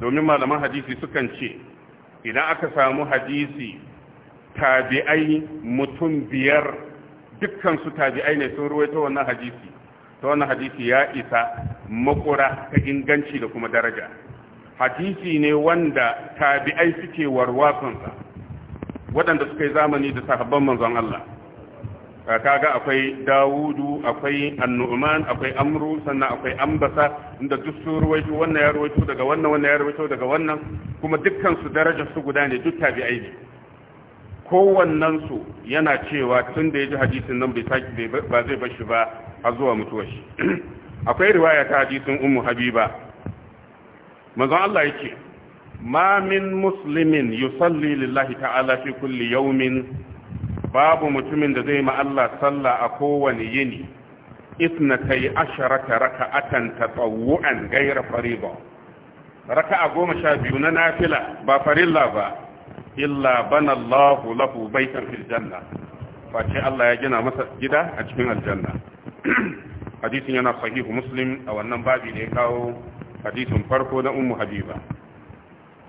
domin malaman hadisi sukan ce idan aka samu hadisi tabi'ai mutum biyar dukkansu tabi'ai ne sun ruwaito wannan hadisi ta wannan hadisi ya isa makura ta inganci da kuma daraja hadisi ne wanda tabi'ai suke warwatsunsa waɗanda suka yi zamani da sahabban manzon Allah kaga akwai dawudu akwai annu'man akwai amru sannan akwai ambasa inda duk su ruwaito wannan ya ruwaito daga wannan wannan ya ruwaito daga wannan kuma dukkan su daraja su guda ne duk tabi'ai ne kowannen su yana cewa tun da ya ji hadisin nan bai saki ba zai bar shi ba har zuwa mutuwa shi akwai riwaya ta hadisin ummu habiba manzon Allah yake ma min muslimin yusalli lillahi ta'ala fi kulli yawmin babu mutumin da zai ma Allah sallah a kowane yini isnatai asharata raka'atan tatawwu'an ghayra fariḍa raka'a goma sha biyu na nafila ba farilla ba illa bana Allahu lahu baitan fil janna face Allah ya gina masa gida a cikin aljanna hadisin yana sahihu muslim a wannan babi da ya kawo hadisin farko na ummu habiba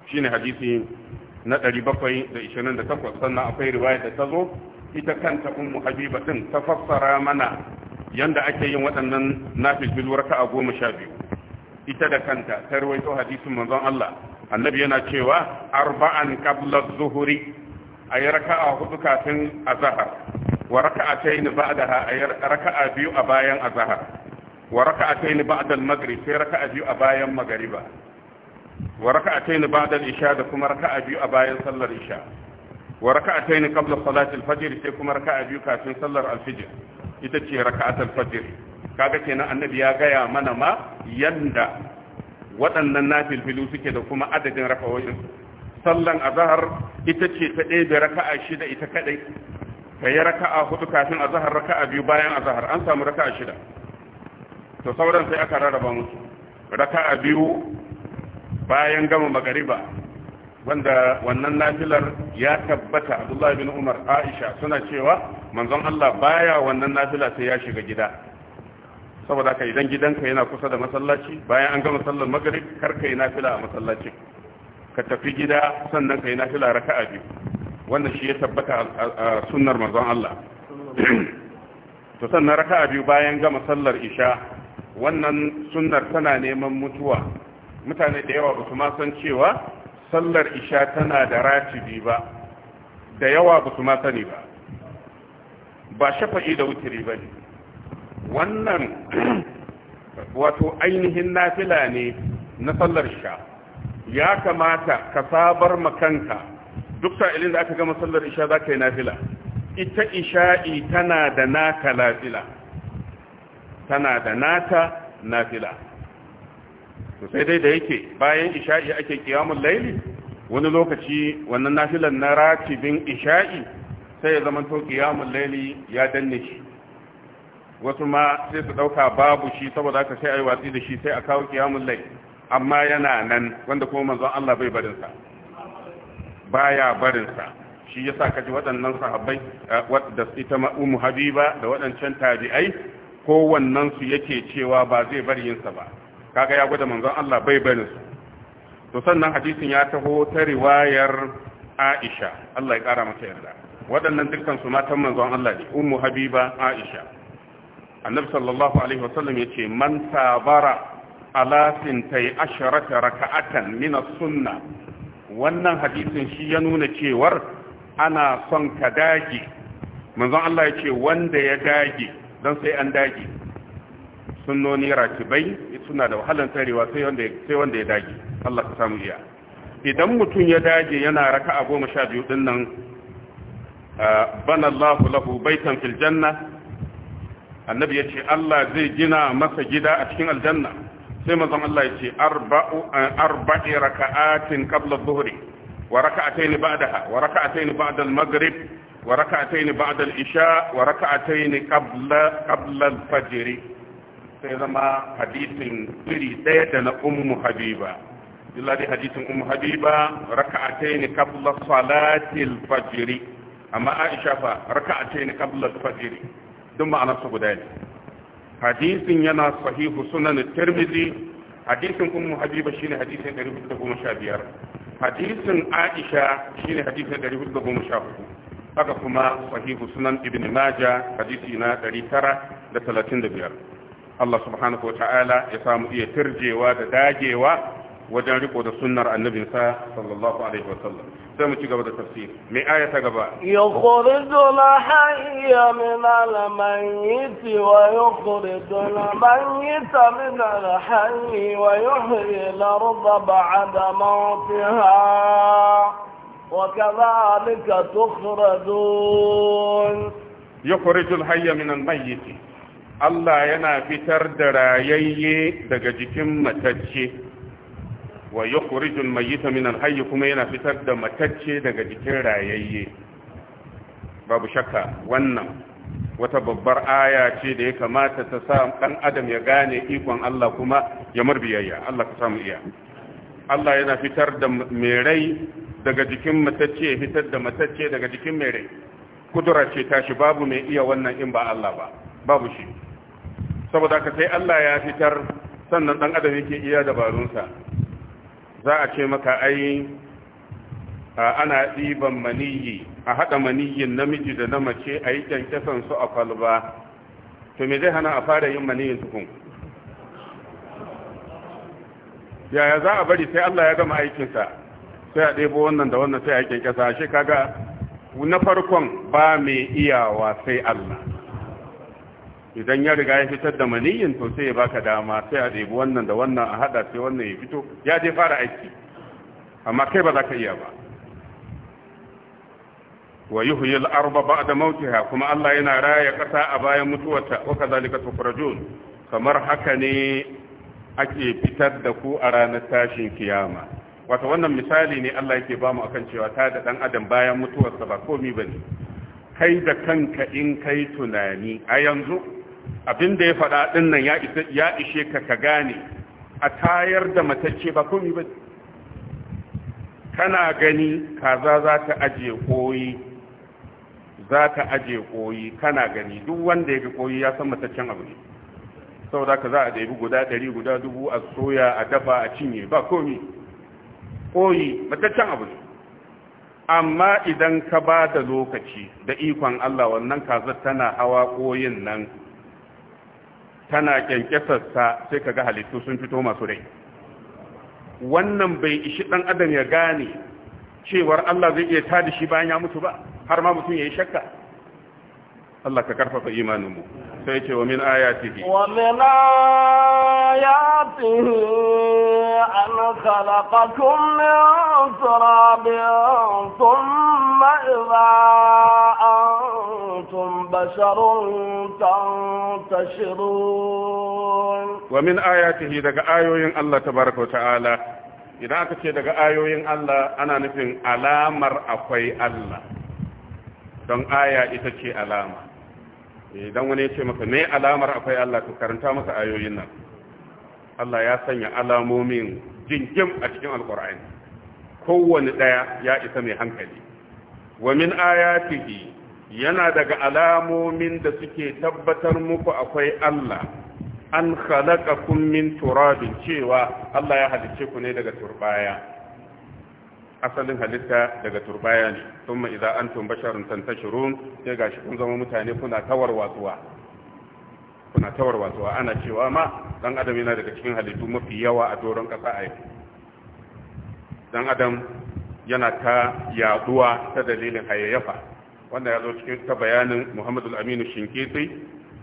shine hadisi na 728 sannan akwai riwaya da ta zo ita kanta ummu habiba din ta fassara mana yanda ake yin waɗannan nafil raka'a goma sha biyu ita da kanta ta rawaito hadisin manzon Allah annabi yana cewa arba'an qabla zuhuri ayi raka'a hudu kafin zahar, wa da ba'daha ayi raka'a biyu a bayan zahar. wa raka'atayn ba'da al-maghrib sai a biyu a bayan magariba wa raka'atayn ba'da al-isha da kuma raka a biyu a bayan sallar isha wa raka'atayn qabla salati al-fajr sai kuma a biyu kafin sallar al ita ce raka'at al-fajr kaga kenan annabi ya gaya mana ma yanda waɗannan nafilfilu suke da kuma adadin raka raka'o'in sallan azahar ita ce ta ɗebe raka'a shida ita kadai kai raka'a hudu kafin azhar raka'a biyu bayan azahar an samu raka'a shida to sauran sai aka rarraba musu raka'a biyu bayan gama magariba wanda wannan nafilar ya tabbata abdullahi bin umar aisha suna cewa manzon allah baya wannan nafila sai ya shiga gida saboda ka idan gidanka yana kusa da masallaci bayan an gama sallar magrib kar ka yi nafila a masallacin ka tafi gida sannan ka yi nafila raka'a biyu wannan shi ya tabbata a sunnar manzon allah to sannan raka'a biyu bayan gama sallar isha wannan sunnar tana neman mutuwa mutane da yawa ba su ma san cewa sallar isha tana da ratibi ba da yawa ba su ma sani ba ba shafa'i da wutiri ba wannan wato ainihin nafila ne na sallar isha ya kamata ka sabar makanka duk sa'ilin da aka gama sallar isha za ka yi nafila ita isha'i tana da naka lafila tana da nata nafila to sai dai da yake bayan isha'i ake kiyamun laili wani lokaci wannan nafilan na ratibin isha'i sai ya zama to kiyamun laili ya danne shi wasu ma sai su dauka babu shi saboda aka sai ayi watsi da shi sai a kawo kiyamun laili amma yana nan wanda kuma manzon Allah bai barin sa baya barin sa shi yasa kaji waɗannan sahabbai eh, da ita ummu habiba da waɗancan tabi'ai kowannen su yake cewa ba zai bari yinsa sa ba kaga ya gwada manzon Allah bai barin su to sannan hadisin ya taho ta riwayar Aisha Allah ya kara mata yarda waɗannan dukkan su matan manzon Allah ne ummu habiba Aisha annabi sallallahu alaihi wasallam yace man sabara ala sintai asharata raka'atan min sunna. wannan hadisin shi ya nuna cewar ana son ka dage manzon Allah ya ce wanda ya dage don sai an dage sunnoni rakibai suna da wahalan tsarewa sai wanda sai wanda ya dage Allah ka samu iya idan mutum ya dage yana raka'a goma sha biyu din nan bana Allahu lahu baitan fil janna annabi ya ce Allah zai gina masa gida a cikin aljanna sai manzon Allah ya ce arba'u arba'i raka'atin qabla dhuhri wa raka'atayn ba'daha wa raka'atayn ba'da al-maghrib wa raka'atayn ba'da al-isha wa raka'atayn qabla qabla al-fajr sai zama hadisin iri daya da na ummu habiba illa dai hadisin ummu habiba raka'atayn qabla salati al amma aisha fa raka'atayn qabla al-fajr dun ma'anar su guda ne hadisin yana sahihu sunan tirmidhi hadisin ummu habiba shine aisha shine haka kuma sahihu sunan ibn majah hadisi na 935 Allah subhanahu wa ta'ala ya samu iya tirjewa da dagewa wajen riko da sunnar annabinsa sallallahu alaihi wasallam sai mu ci gaba da tafsiri mai aya ta gaba yukhrijul hayya min al-mayyit wa yukhrijul mayyita min al-hayy wa yuhyi al ba'da mawtiha وكذلك تخرجون يخرج الحي من الميت Allah yana fitar da rayayye daga jikin matacce wa yukhrijul mayyita min al kuma yana fitar da matacce daga jikin rayayye babu shakka wannan wata babbar aya ce da ya kamata ta sa ɗan adam ya gane ikon Allah kuma ya marbiyayya Allah ka samu iya Allah yana fitar da mai rai daga jikin matacce fitar da matacce daga jikin mai rai kudura ce tashi babu mai iya wannan in ba Allah ba babu shi saboda ka sai Allah ya fitar sannan dan adam yake iya dabarunsa za a ce maka ai ana ɗiban maniyi a haɗa maniyin namiji da na mace a yi kyankyasan su a kwalba to me zai hana a fara yin maniyin tukun yaya za a bari sai Allah ya gama aikinsa sai a ɗebo wannan da wannan sai a ƙasa shi kaga na farkon ba mai iyawa sai Allah idan ya riga ya fitar da maniyin to sai ya baka dama sai a ɗebo wannan da wannan a haɗa sai wannan ya fito ya je fara aiki amma kai ba za ka iya ba wa yuhyi al-arba ba'da mawtiha kuma Allah yana raya ƙasa a bayan mutuwarta wa kadhalika tukhrajun kamar haka ne ake fitar da ku a ranar tashin kiyama wata wannan misali ne Allah yake ba mu akan cewa ta da dan adam bayan mutuwarsa ba komi bane kai da kanka in kai tunani a yanzu abin da ya faɗa din nan ya isa ya ishe ka ka gane a tayar da matacce ba komi bane kana gani kaza za ta aje koyi za ta aje koyi kana gani duk wanda ya ga koyi ya san mataccen abu ne saboda ka za a ɗabi guda ɗari guda dubu a soya a dafa a cinye ba komi koyi mataccen abu ne amma idan ka ba da lokaci da ikon Allah wannan kaza tana hawa koyin nan tana kyankyasarsa sai ka ga halittu sun fito masu rai wannan bai ishi ɗan adam ya gane cewar Allah zai iya tada shi bayan ya mutu ba har ma mutum ya yi shakka Allah ka karfafa imaninmu sai ce wa min ayatihi wa min ayatihi an khalaqakum min turabin thumma idha antum basharun tantashirun wa min ayatihi daga ayoyin Allah tabaraka ta'ala idan aka ce daga ayoyin Allah ana nufin alamar akwai Allah don aya ita ce alama idan eh, wani ya ce maka me alamar akwai Allah to karanta masa ayoyin nan Allah ya sanya alamomin jingim a cikin alkur'ani kowane daya ya isa mai hankali wa min ayatihi yana daga alamomin da suke tabbatar muku akwai Allah an khalaqakum min turabin cewa Allah ya halice ku ne daga turbaya asalin halitta daga turbaya ne thumma idza antum basharun tantashurun sai gashi kun zama mutane kuna wasuwa. kuna tawar wasuwa ana cewa ma dan adam yana daga cikin halittu mafi yawa a doron kasa a yau dan adam yana ta yaduwa ta dalilin hayayyafa wanda ya zo cikin ta bayanin Muhammad al Shinkiti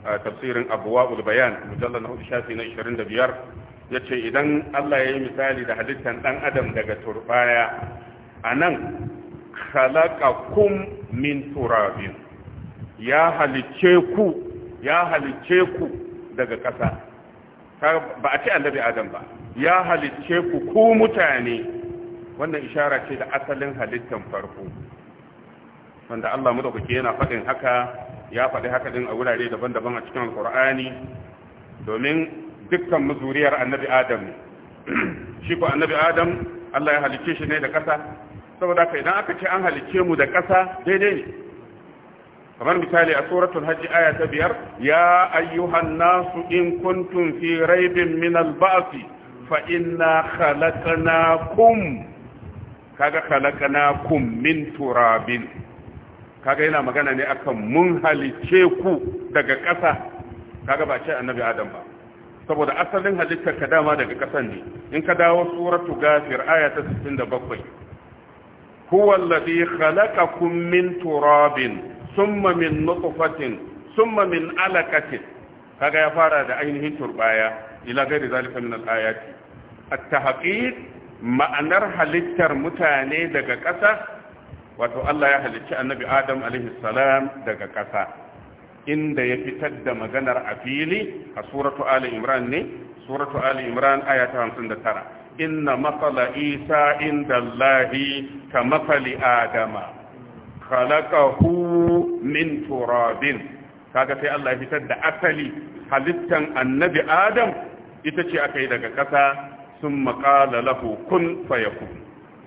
a tafsirin Abwaul Bayan mujallal na shafi na 25 yace idan Allah ya yi misali da halittan dan adam daga turbaya anan khalaqakum min turabin ya halice ku ya halice ku daga ƙasa ba a ce annabi adam ba ya halice ku ku mutane wannan ishara ce da asalin halittan farko wanda Allah madaukake yana faɗin haka ya faɗi haka din a wurare daban-daban a cikin alƙur'ani domin dukkan mazuriyar annabi adam shi ko annabi adam Allah ya halice shi ne da ƙasa saboda ka idan aka ce an halicce mu da ƙasa daidai ne kamar misali a suratul hajji aya ta biyar ya ayyuhan nasu in kuntum fi raibin min al-ba'thi fa inna khalaqnakum kaga khalaqnakum min turabin kaga yana magana ne akan mun halicce ku daga ƙasa kaga ba ce annabi adam ba saboda asalin halittar ka dama daga ƙasan ne in ka dawo suratu gafir aya ta 67 huwa alladhi khalaqakum min turabin thumma min nutfatin thumma min alaqatin kaga ya fara da ainihin turbaya ila gari zalika min al-ayati at-tahqiq ma'anar halittar mutane daga ƙasa wato Allah ya halicci annabi Adam alaihi daga ƙasa inda ya fitar da maganar a fili a suratu Ali Imran ne suratu Ali Imran aya ta tara. inna matsala isa inda Allahi ka matsali adama khalaqahu min turabin kaga sai Allah ya fitar da asali halittan annabi adam ita ce aka yi daga ƙasa sun maƙala lahu kun fayakun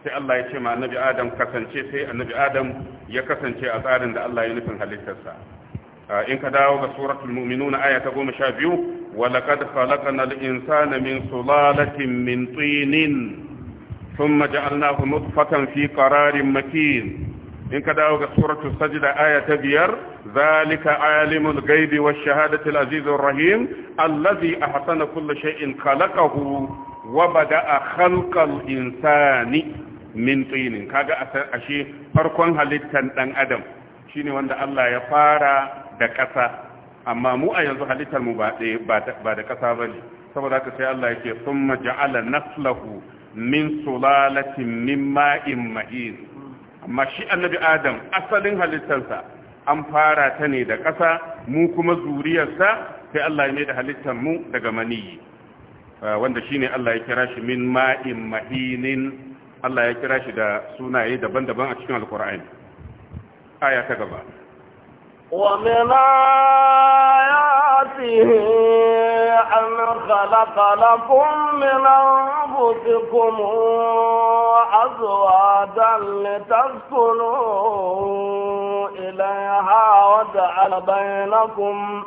sai Allah ya ce ma annabi adam kasance sai annabi adam ya kasance a tsarin da Allah ya nufin halittarsa uh, in ka dawo ga suratul mu'minuna aya ta goma sha biyu ولقد خلقنا الإنسان من سلالة من طين ثم جعلناه نطفة في قرار مكين إن كداوغ سورة السجدة آية بير ذلك عالم الغيب والشهادة العزيز الرحيم الذي أحسن كل شيء خلقه وبدأ خلق الإنسان من طين كاغا أشي فرقون هلتن أدم شيني وند الله يفارى دكسا amma mu a yanzu halittar mu ba da ƙasa ba ne saboda haka sai Allah yake sun maja'ala naslahu min sulalatin min ma'in ma'in amma shi annabi adam asalin halittarsa an fara ta ne da ƙasa mu kuma zuriyarsa sai Allah ya da halittar mu daga maniyi ah, wanda shine Allah ya kira shi min ma'in mahinin Allah ya kira shi da sunaye daban-daban a cikin alkur'ani aya ta gaba ومن آياته أن خلق لكم من أنفسكم أزواجا لتسكنوا إليها وجعل بينكم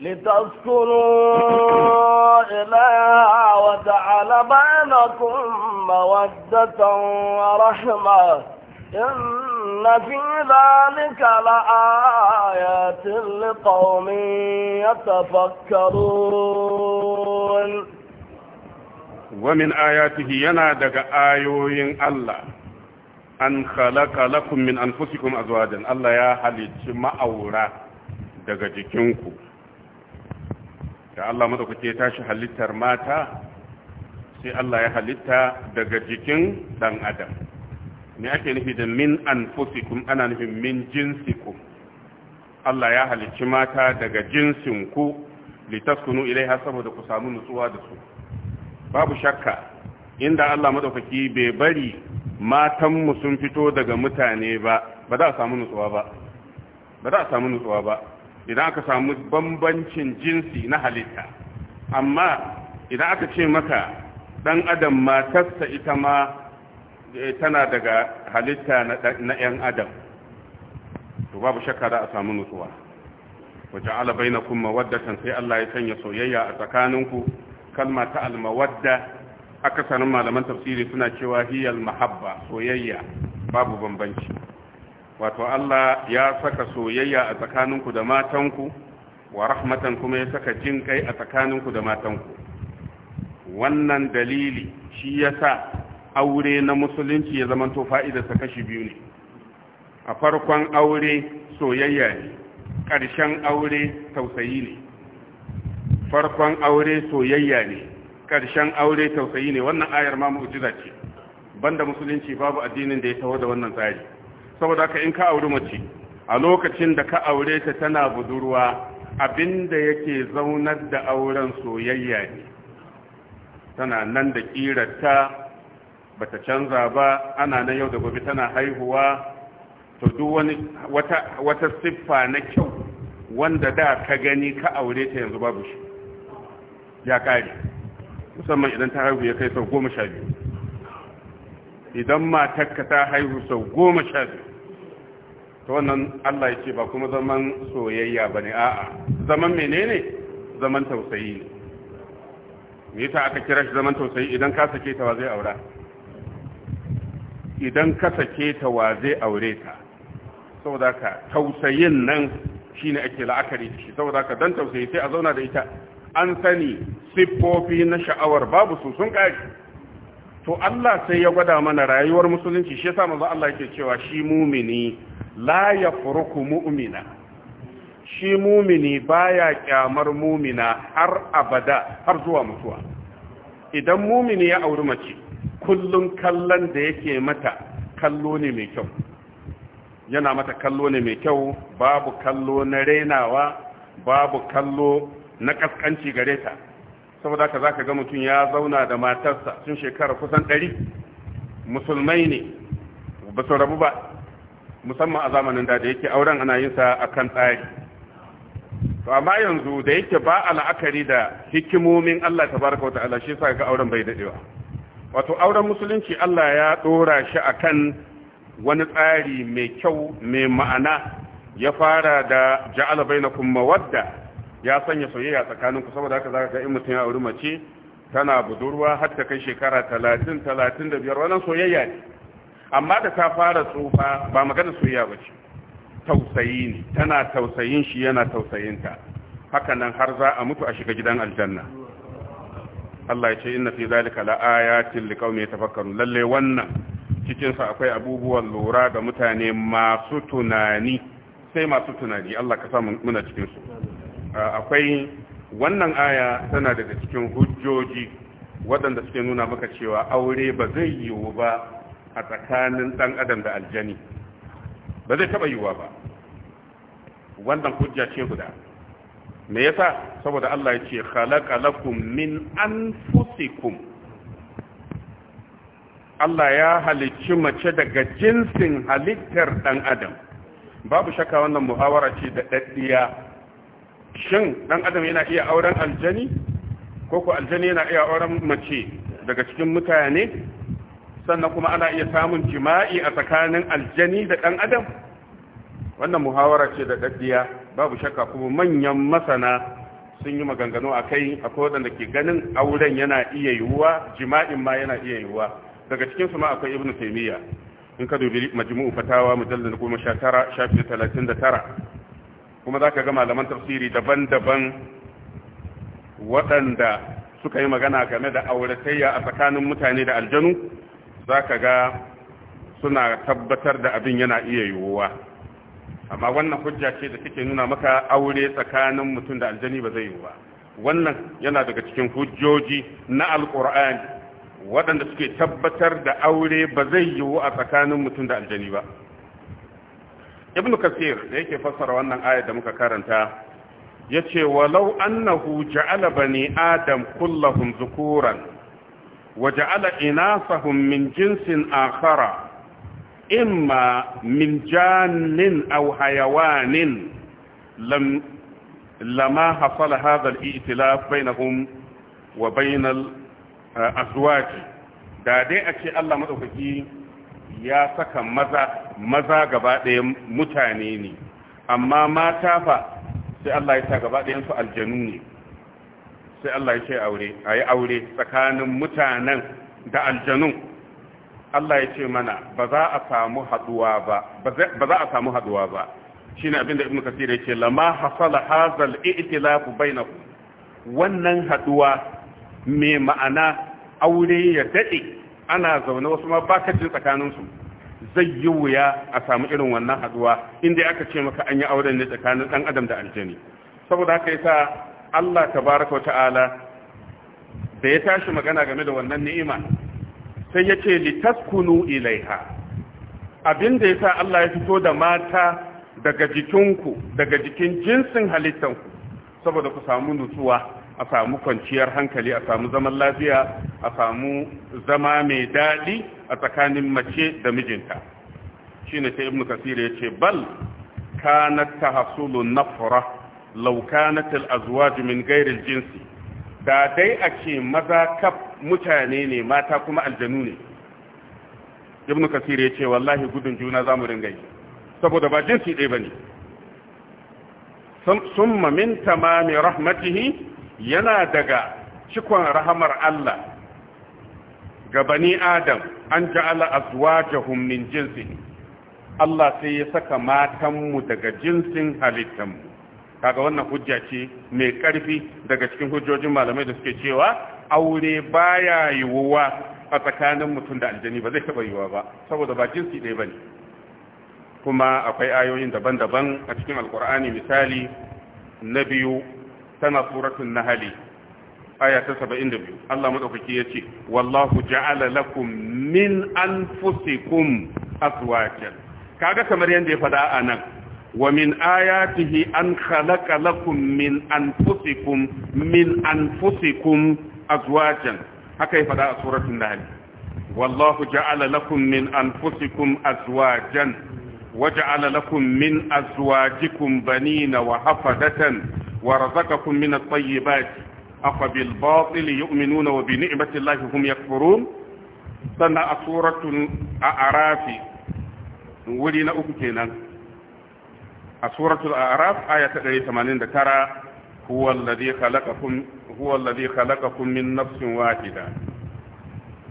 لتسكنوا إليها وجعل بينكم مودة ورحمة إن في ذلك لآيات لقوم يتفكرون ومن آياته ينادق آيوين الله an khalaqa lakum min anfusikum azwajan Allah ya halicci ma'aura daga jikinku da Allah kuke tashi halittar mata sai Allah ya halitta daga jikin dan adam me ake nufi da min anfusikum ana nufin min jinsikum Allah ya halicci mata daga jinsinku litaskunu ilaiha saboda ku samu nutsuwa da su babu shakka inda Allah madaukaki bai bari matan mu sun fito daga mutane ba ba za a samu nutsuwa ba ba za a samu nutsuwa ba idan aka samu bambancin jinsi na halitta amma idan aka ce maka dan adam matarsa ita ma Eh, tana daga halitta na 'yan adam to babu shakka da a samu nutsuwa wajen alabai na kuma waddatan sai Allah ya sanya soyayya a tsakaninku kalma ta almawadda akasarin malaman tafsiri suna cewa hiyal mahabba soyayya babu bambanci wato Allah ya saka soyayya a tsakaninku da matanku wa rahmatan kuma ya saka jin kai a tsakaninku da matanku wannan dalili shi ya sa aure na musulunci ya zama to fa'idarsa kashi biyu ne a farkon aure soyayya ne ƙarshen aure tausayi ne farkon aure soyayya ne ƙarshen aure tausayi ne wannan ayar ma mu'jiza ce banda musulunci babu addinin da ya taho da wannan tsari saboda haka in ka auri mace a lokacin da ka aure ta tana budurwa abinda yake zaunar da auren soyayya ne tana nan da kirarta bata canza ba ana nan yau da gobe tana haihuwa to duk wani wata wata siffa na kyau wanda da ka gani ka aure ta yanzu babu shi ya kare musamman idan ta haihu ya kai sau goma sha biyu idan matarka ta haihu sau goma sha biyu ta wannan Allah ya ce ba kuma zaman soyayya ba ne a'a zaman menene zaman tausayi ne me yasa aka kira shi zaman tausayi idan ka sake ta ba zai aura idan ka sake ta wa zai aure ta saboda ka tausayin nan shine ake la'akari shi saboda ka dan tausayi sai a zauna da ita an sani siffofi na sha'awar babu su sun to Allah sai ya gwada mana rayuwar musulunci shi yasa manzo Allah yake cewa shi mumini la yafruku mu'mina shi mumini baya kyamar mumina har abada har zuwa mutuwa idan mumini ya auri mace kullum kallon da yake mata kallo ne mai kyau yana mata kallo ne mai kyau babu kallo na rainawa babu kallo na kaskanci gare ta saboda ka zaka ga mutum ya zauna da matarsa tun shekara kusan ɗari musulmai ne ba su rabu ba musamman a zamanin da yake auren ana yin sa akan tsari to amma yanzu da yake ba a la'akari da hikimomin Allah tabaraka wa ta'ala shi yasa ga auren bai dadewa wato auren musulunci Allah ya dora shi a kan wani tsari mai kyau mai ma'ana ya fara da ja'ala bainakum mawadda ya sanya soyayya tsakaninku saboda haka zaka ga in mutum ya auri mace tana budurwa har ta kai shekara da biyar wannan soyayya ne amma da ta fara tsufa ba magana soyayya bace tausayi ne tana tausayin shi yana tausayinta haka nan har za a mutu a shiga gidan aljanna Allah ya ce inna fi zalika laayatin liqaumin yatafakkarun lalle wannan cikin sa akwai abubuwan lura ga mutane masu tunani sai masu tunani Allah ka sa muna cikin su akwai wannan aya tana daga cikin hujjoji waɗanda suke nuna maka cewa aure ba zai yiwu ba a tsakanin ɗan adam da aljani ba zai taɓa yiwuwa ba wannan hujja ce guda me yasa saboda Allah ya ce khalaqa lakum min anfusikum Allah ya halicci mace daga jinsin halittar dan adam babu shakka wannan muhawara ce da daddiya shin dan adam yana iya auren aljani ko ko aljani yana iya auren mace daga cikin mutane sannan kuma ana iya samun jima'i a tsakanin aljani da dan adam wannan muhawara ce da daddiya babu shakka kuma manyan masana sun yi maganganu a kai akwai waɗanda ke ganin auren yana iya yiwuwa jima'in ma yana iya yiwuwa daga cikin su ma akwai ibnu taymiya in ka dubi majmu'u fatawa mujallal talatin shafi tara kuma za ka ga malaman tafsiri daban-daban waɗanda suka yi magana game da auratayya a tsakanin mutane da aljanu za ka ga suna tabbatar da abin yana iya yiwuwa amma wannan hujja ce da take nuna maka aure tsakanin mutum da aljani ba zai yi ba wannan yana daga cikin hujjoji na alkur'ani waɗanda suke tabbatar da aure ba zai yiwu a tsakanin mutum da aljani ba ibnu kasir da yake fassara wannan ayat da muka karanta ya yace walau annahu ja'ala bani adam kullahum zukuran wa ja'ala inasahum min jinsin akhara imma min jannin aw hayawanin lam lama hasala hadha al-i'tilaf bainahum wa bainal azwaj da dai a ce Allah madaukaki ya saka maza maza gaba ɗaya mutane ne amma mata fa sai Allah ya sa gaba ɗayan aljanu ne sai Allah ya ce ayi aure tsakanin mutanen da aljanun Allah ya ce mana ba za a samu haduwa ba ba za a samu haduwa ba shine abin da Ibn Kathir yake lama hasala hazal i'tilaf bainakum wannan haduwa me ma'ana aure ya dade ana zaune wasu ma ka jin tsakanin su zai yi wuya a samu irin wannan haduwa inda aka ce maka an yi auren ne tsakanin dan adam da aljani saboda haka yasa Allah tabaraka wa ta'ala da ya tashi magana game da wannan ni'ima sai ya ce litaskunu ilaiha abin da yasa Allah ya fito da mata daga jikinku daga jikin jinsin halittanku saboda ku samu nutsuwa a samu kwanciyar hankali a samu zaman lafiya a samu zama mai daɗi a tsakanin mace da mijinta shine sai ibnu kasir ya ce bal kanat tahsulu nafra law kanat al azwaj min ghairi jinsi da dai ake maza kaf mutane ne mata kuma aljanu ne ibnu kasir ya ce wallahi gudun juna za mu ringa yi saboda ba jinsi ɗaya ba ne summa min tamami rahmatihi yana daga cikon rahamar Allah ga bani adam an ja'ala azwajahum min jinsi. Allah sai ya saka matanmu daga jinsin halittanmu kaga wannan hujja ce mai ƙarfi daga cikin hujjojin malamai da suke cewa aure baya yiwuwa a tsakanin mutum da aljani ba zai taba yiwuwa ba saboda ba jinsi ɗaya ne kuma akwai ayoyin daban-daban a cikin alkur'ani misali na biyu tana suratun nahali aya ta biyu Allah ya ce wallahu ja'ala lakum min anfusikum azwajan kaga kamar yanda ya fada anan wa min ayatihi an khalaqa lakum min anfusikum min anfusikum azwajan haka ya fada a suratun nahl wallahu ja'ala lakum min anfusikum azwajan waja'ala lakum min azwajikum banina wa hafadatan warzaqakum min at-tayyibati afabil batili yu'minuna wa bi ni'mati llahi hum sannan a suratul a'rafi wuri na uku kenan a suratul a'raf aya ta هو الذي خلقكم من نفس واحدة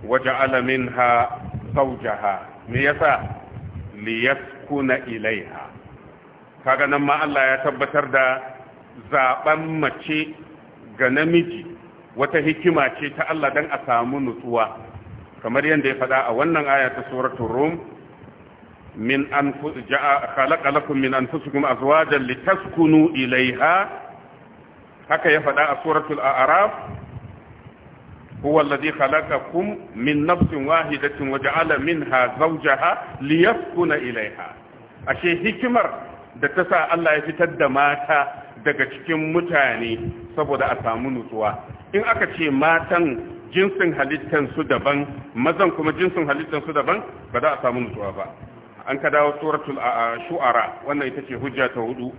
وجعل منها زوجها ميسا ليسكن إليها kaga nan ma Allah ya tabbatar da zaben mace ga namiji wata hikima ce ta Allah dan a samu nutsuwa kamar yadda ya faɗa a wannan aya ta suratul rum min anfus ja'a khalaqa lakum min anfusikum azwajan litaskunu ilaiha. haka ya faɗa a suratul a'raf huwa alladhi khalaqakum min nafsin wahidatin wa ja'ala minha zawjaha liyaskuna ilaiha ashe hikimar da ta sa Allah ya fitar da mata daga cikin mutane saboda a samu nutsuwa in aka ce matan jinsin halittansu daban mazan kuma jinsin halittansu daban ba za a samu nutsuwa ba an ka dawo suratul shu'ara wannan ita ce hujja ta hudu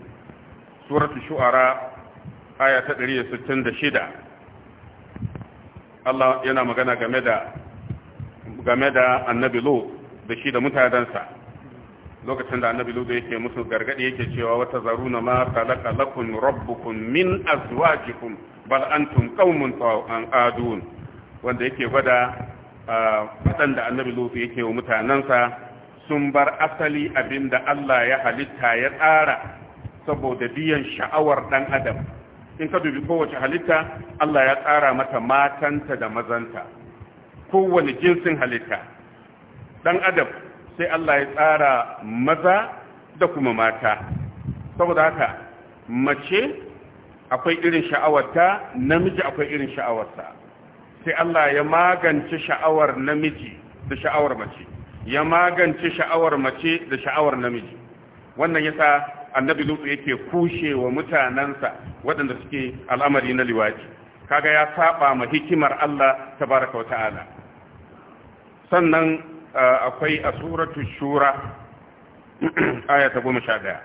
suratul shu'ara aya ta 166 Allah yana magana game da game da annabi da shi da mutanensa lokacin da annabi da yake musu gargadi yake cewa wata zaruna ma khalaqa lakum rabbukum min azwajikum bal antum qaumun adun wanda yake gwada fadan da annabi Lut yake wa mutanensa sun bar asali abinda Allah ya halitta ya tsara saboda biyan sha'awar dan adam in ka dubi kowace halitta Allah ya tsara mata matanta da mazanta kowane jinsin halitta dan adam sai Allah ya tsara maza da kuma mata saboda haka mace akwai irin sha'awarta namiji akwai irin sha'awarsa sai Allah ya magance sha'awar namiji da sha'awar mace ya magance sha'awar mace da sha'awar namiji wannan yasa annabi lutu yake kushe wa mutanansa waɗanda suke al'amari na liwaji kaga ya saba ma hikimar Allah Ta baraka wa ta'ala sannan akwai a suratul shura aya ta goma sha ɗaya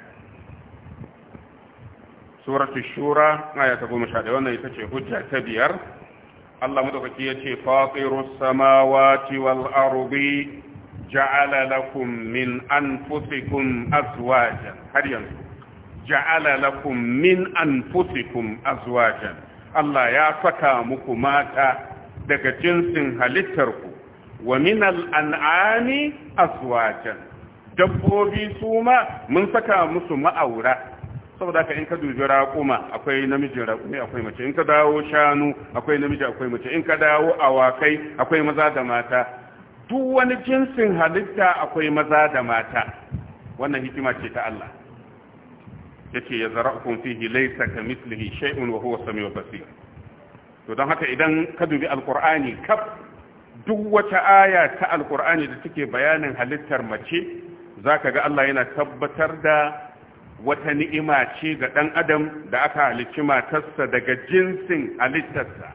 suratul shura aya ta goma sha ɗaya wannan ita ce hujja ta biyar Allah madaukaki ya ce fatirus samawati wal ardi جعل لكم من أنفسكم أزواجا har yanzu جعل لكم من أنفسكم أزواجا Allah ya saka muku mata daga jinsin halittarku wa min al'an'ami azwajan dabbobi su ma mun saka musu ma'aura saboda ka in ka dubi raƙuma akwai namiji raƙumi akwai mace in ka dawo shanu akwai namiji akwai mace in ka dawo awakai akwai maza da mata duk wani jinsin halitta akwai maza da mata wannan hikima ce ta Allah yace ya zara'ukum fihi laysa kamithlihi shay'un wa huwa samiu basir to don haka idan ka dubi alqur'ani kaf duk wata aya ta alqur'ani da take bayanin halittar mace zaka ga Allah yana tabbatar da wata ni'ima ce ga dan adam da aka halicci matarsa daga jinsin halittarsa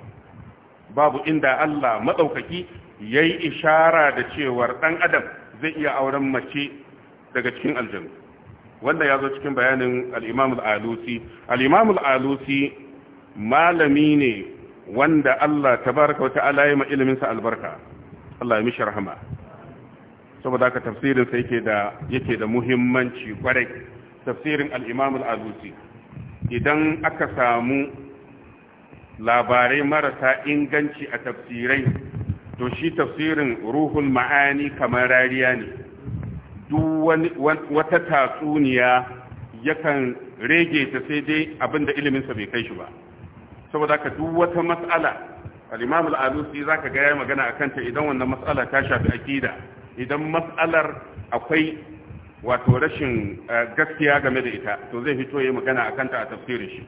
babu inda Allah madaukaki ya yi ishara da cewar ɗan adam zai iya auren mace daga cikin aljanu wanda ya zo cikin bayanin al'imamul alusi al'imamul alusi malami ne wanda Allah tabaraka wa wata ya ma iliminsa albarka Allah ya mishi rahama saboda haka tafsirinsa yake da muhimmanci kwarai tafsirin al alusi idan aka samu labarai marasa inganci a tafsirai to shi tafsirin ruhul ma'ani kamar rariya ne duk wata tatsuniya yakan rege ta sai dai abinda iliminsa bai kai shi ba saboda ka duk wata matsala al-imam al-alusi zaka ga yayi magana akan ta idan wannan mas'ala ta shafi akida idan mas'alar akwai wato rashin eh, gaskiya game da ita to zai fito yayi magana akan ta a tafsirin shi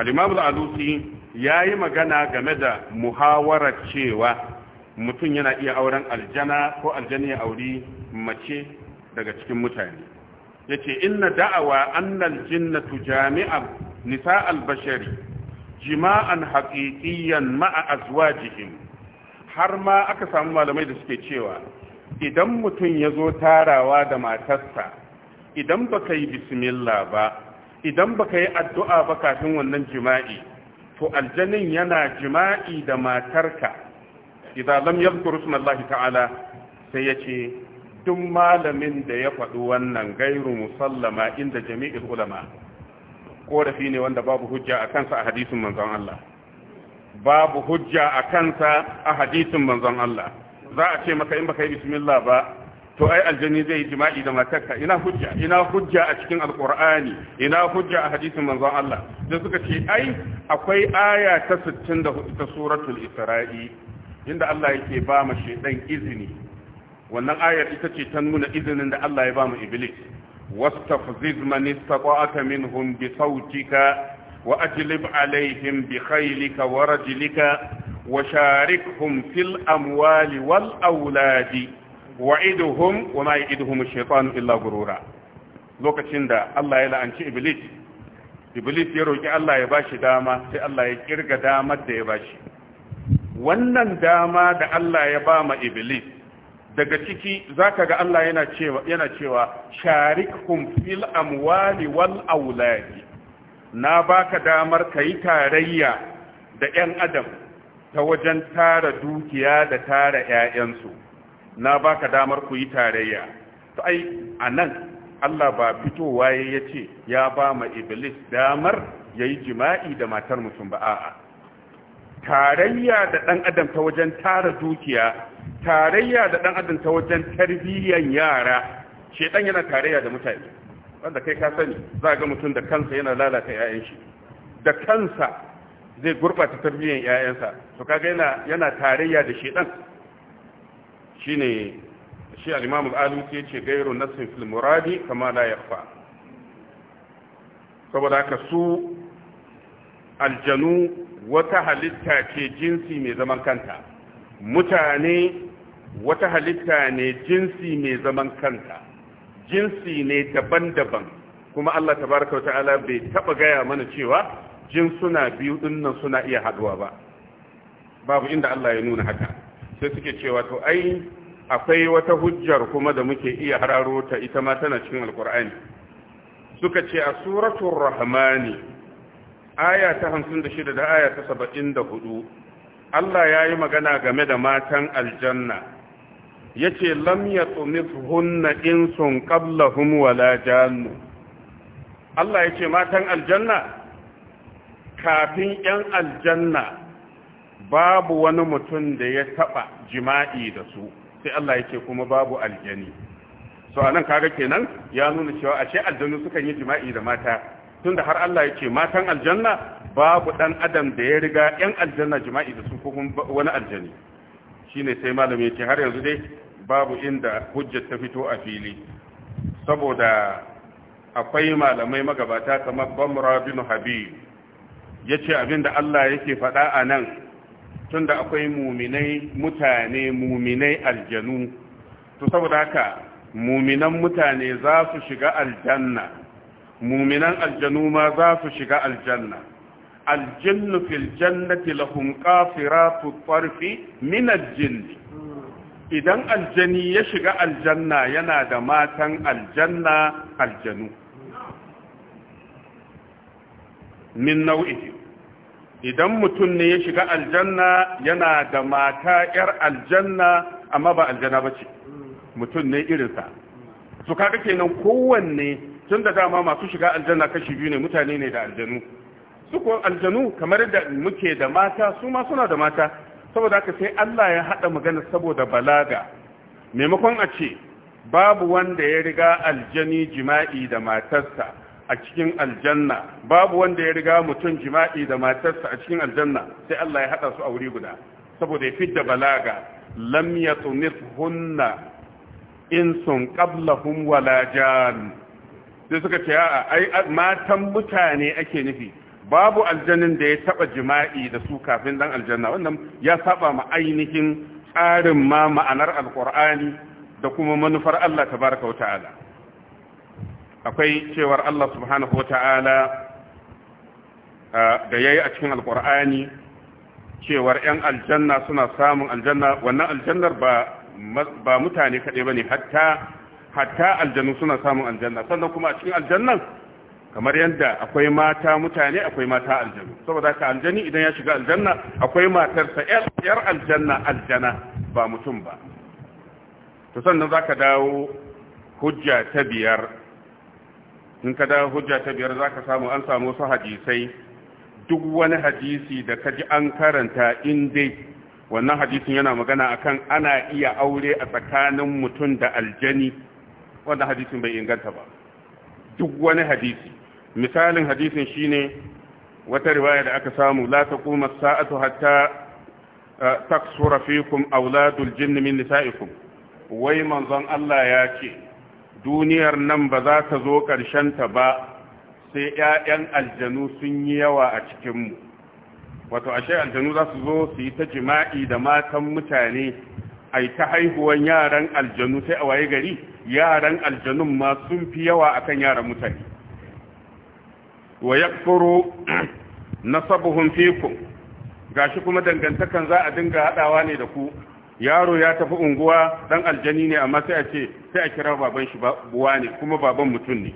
al-imam al-alusi yayi magana game da muhawarar cewa mutum yana iya auren aljana ko aljani ya auri mace daga cikin mutane yace inna da'awa annal jinnatu jami'a nisa albashari jima'an haqiqiyan ma'a azwajihim har ma aka samu malamai da suke cewa idan mutum ya zo tarawa da matarsa idan baka yi bismillah ba idan baka yi addu'a ba kafin wannan jima'i to aljanin yana jima'i da matarka idan lam yadhkur ismallahi ta'ala sai yace duk malamin da ya faɗi wannan gairu musallama inda jami'il ulama ko korafi ne wanda babu hujja a kansa a hadisin manzon Allah babu hujja a kansa a hadisin manzon Allah za a ce maka in baka yi bismillah ba to ai aljani zai yi jima'i da matarka ina hujja ina hujja a cikin alqur'ani ina hujja a hadisin manzon Allah da suka ce ai akwai aya ta 64 ta suratul isra'i inda Allah yake ba mu shaidan izini wannan ayar ita ce ta nuna izinin da Allah ya ba mu iblis wastafziz man istata'aka minhum bi sautika wa ajlib alaihim bi khaylika wa rajlika wa sharikhum fil amwali wal auladi wa'iduhum wa ma ya'iduhum ash-shaytanu illa gurura lokacin da Allah ya la'anci iblis iblis ya roki Allah ya bashi dama sai Allah ya kirga damar da ya bashi wannan dama da Allah ya ba ma iblis daga ciki zaka ga Allah yana cewa yana cewa sharikhum fil amwali wal auladi na baka damar kai tarayya da ƴan adam ta wajen tara dukiya da tara ƴaƴansu na baka damar ku yi tarayya to ai anan Allah ba fitowa ya ce ya ba ma iblis damar yayi jima'i da matar mutum ba a'a tarayya da ɗan adam ta wajen tara dukiya tarayya da ɗan adam ta wajen tarbiyyan yara ɗan yana tarayya da mutane wanda kai ka sani za ga mutum da kansa yana lalata 'ya'yan shi da kansa zai gurɓata tarbiyyan 'ya'yansa to kaga yana yana tarayya da shedan shine shi al-imam al-alusi yace gairu nasin fil muradi kama la yakhfa saboda haka su aljanu wata halitta ce jinsi mai zaman kanta mutane wata halitta ne jinsi mai zaman kanta jinsi ne daban-daban kuma Allah tabaraka wa ta'ala bai taba gaya mana cewa jinsuna biyu dinnan suna iya haduwa ba babu inda Allah ya nuna haka sai suke cewa to ai akwai wata hujjar kuma da muke iya hararo ta ita ma tana cikin alkur'ani suka ce a suratul rahmani aya ta hamsin da shida da aya ta saba'in da hudu Allah ya yi magana game da matan aljanna ya ce lamya ya hunna insun qablahum wala jannu Allah ya ce matan aljanna kafin 'yan aljanna babu wani mutum da ya taɓa jima'i da su sai Allah ya ce kuma babu aljani so anan kaga kenan ya nuna cewa ashe aljanu sukan yi jima'i da mata tunda har Allah ya ce matan aljanna babu dan adam da ya riga yan aljanna jima'i da su ko wani aljani shine sai malami ya ce har yanzu dai babu inda hujjar ta fito a fili saboda akwai malamai magabata kamar bamra bin habib ya ce abinda Allah yake faɗa a nan tunda akwai muminai mutane muminai aljanu to saboda haka muminan mutane za su shiga aljanna muminan aljanu ma za su shiga aljanna aljannu fil jannati lahum qafiratu tarfi min aljinn idan aljani ya shiga aljanna yana da matan aljanna aljanu min nau'i, idan mutum ne ya shiga aljanna yana da mata yar aljanna amma ba aljana bace mutum ne irinsa su kaga kenan kowanne tun da dama masu shiga aljanna kashi biyu ne mutane ne da aljanu su kuwa aljanu kamar da muke da mata su ma suna da mata saboda haka sai Allah ya haɗa magana saboda balaga maimakon a ce babu wanda ya riga aljani jima'i da matarsa a cikin aljanna babu wanda ya riga mutum jima'i da matarsa a cikin aljanna sai Allah ya haɗa su a wuri guda saboda ya fidda balaga lam yatunithunna insun qablahum wala jan sai suka ce a ai matan mutane ake nufi babu aljannin da ya taba jima'i da su kafin dan aljanna wannan ya saba ma ainihin tsarin ma ma'anar alqur'ani da kuma manufar Allah tabaraka wa ta'ala akwai cewar Allah subhanahu wa ta'ala da yayi a cikin alqur'ani cewar yan aljanna suna samun aljanna wannan aljannar ba ba mutane kaɗai bane hatta hatta aljannu suna samun aljanna sannan kuma a cikin aljannan kamar yadda akwai mata mutane akwai mata aljannu, saboda ka aljani idan ya shiga aljanna akwai matarsa yar aljanna aljana ba mutum ba to sannan za ka dawo hujja ta biyar in ka dawo hujja ta biyar za ka samu an samu wasu hadisai duk wani hadisi da ka ji an karanta in dai wannan hadisin yana magana akan ana iya aure a tsakanin mutum da aljani wannan hadisin bai inganta ba duk wani hadisi misalin hadisin shine wata riwaya da aka samu la taquma sa'atu hatta eh, taksura fikum auladul jinn min nisa'ikum wai manzon Allah ya ce duniyar nan ba za ta zo karshen ta ba sai ƴaƴan aljanu sun yi yawa a cikin mu wato ashe aljanu za su zo su yi ta jima'i da matan mutane ai ta haihuwan yaran aljanu sai a waye gari yaran aljanun ma sun fi yawa akan yaran mutane wa yakfuru nasabuhum fikum gashi kuma dangantakan za a dinga haɗawa ne da ku yaro ya tafi unguwa dan aljani ne amma sai a ce sai a kira baban shi buwa ne kuma baban mutum ne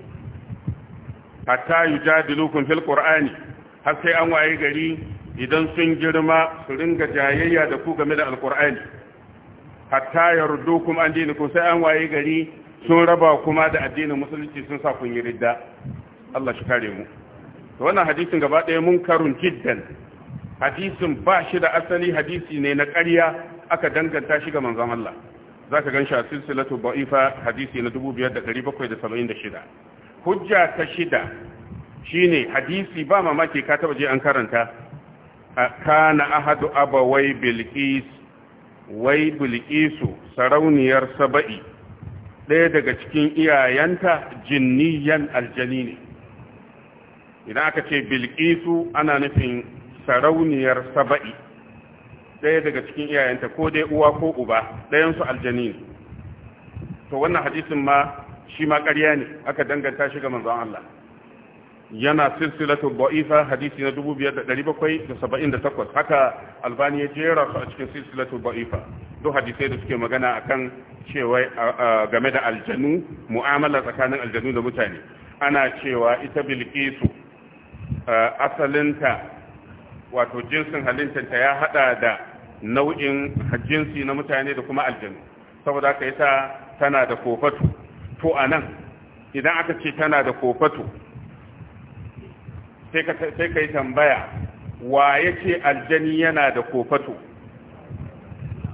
hatta yujadilukum fil qur'ani har sai an waye gari idan sun girma su ringa jayayya da ku game da alqur'ani hatta yardukum an dinikum sai an waye gari sun raba kuma da addinin musulunci sun sa kun yi ridda Allah shi kare mu to wannan hadisin gaba ɗaya karun jiddan hadisin ba shi da asali hadisi ne na ƙarya aka danganta shi ga manzon Allah zaka gan shi a silsilatu ba'ifa hadisi na 5776 hujja ta shida shine hadisi ba mamaki ka taba je an karanta kana ahadu abawai bilqis wai bilqisu sarauniyar saba'i ɗaya daga cikin iyayenta jinniyan aljani ne idan aka ce bilkisu ana nufin sarauniyar saba'i ɗaya daga cikin iyayenta ko dai uwa ko uba ɗayansu aljani ne to wannan hadisin ma shi ma ƙarya ne aka danganta shi ga manzon Allah yana silsilatu ba'ifa hadisi na 5778 haka albani ya jera su a cikin silsilatu ba'ifa duk hadisai da suke magana akan cewa game da aljanu mu'amala tsakanin aljanu da mutane ana cewa ita bilkisu asalinta wato jinsin halittanta ya hada da nau'in jinsi na mutane da kuma aljanu saboda haka ita tana da kofatu to anan idan aka ce tana da kofatu sai ka yi tambaya wa ya ce aljani yana da kofato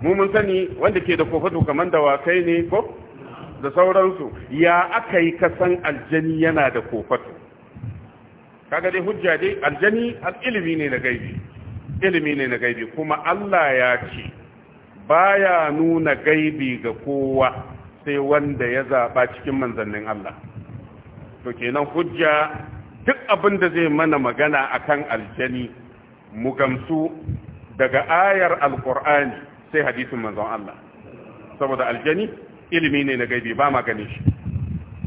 mu mun sani wanda ke da kofato kamar da wasai ne ko da sauransu ya aka yi kasan aljani yana da kofato kaga dai hujja dai aljani ilimi ne na gaibi ilimi ne na gaibi kuma Allah ya ce baya nuna gaibi ga kowa sai wanda ya zaba cikin manzannin Allah to kenan hujja duk abin da zai mana magana akan aljani mu gamsu daga ayar alkur'ani sai hadisin manzon Allah saboda aljani ilimi ne na gaibi ba ma ganin shi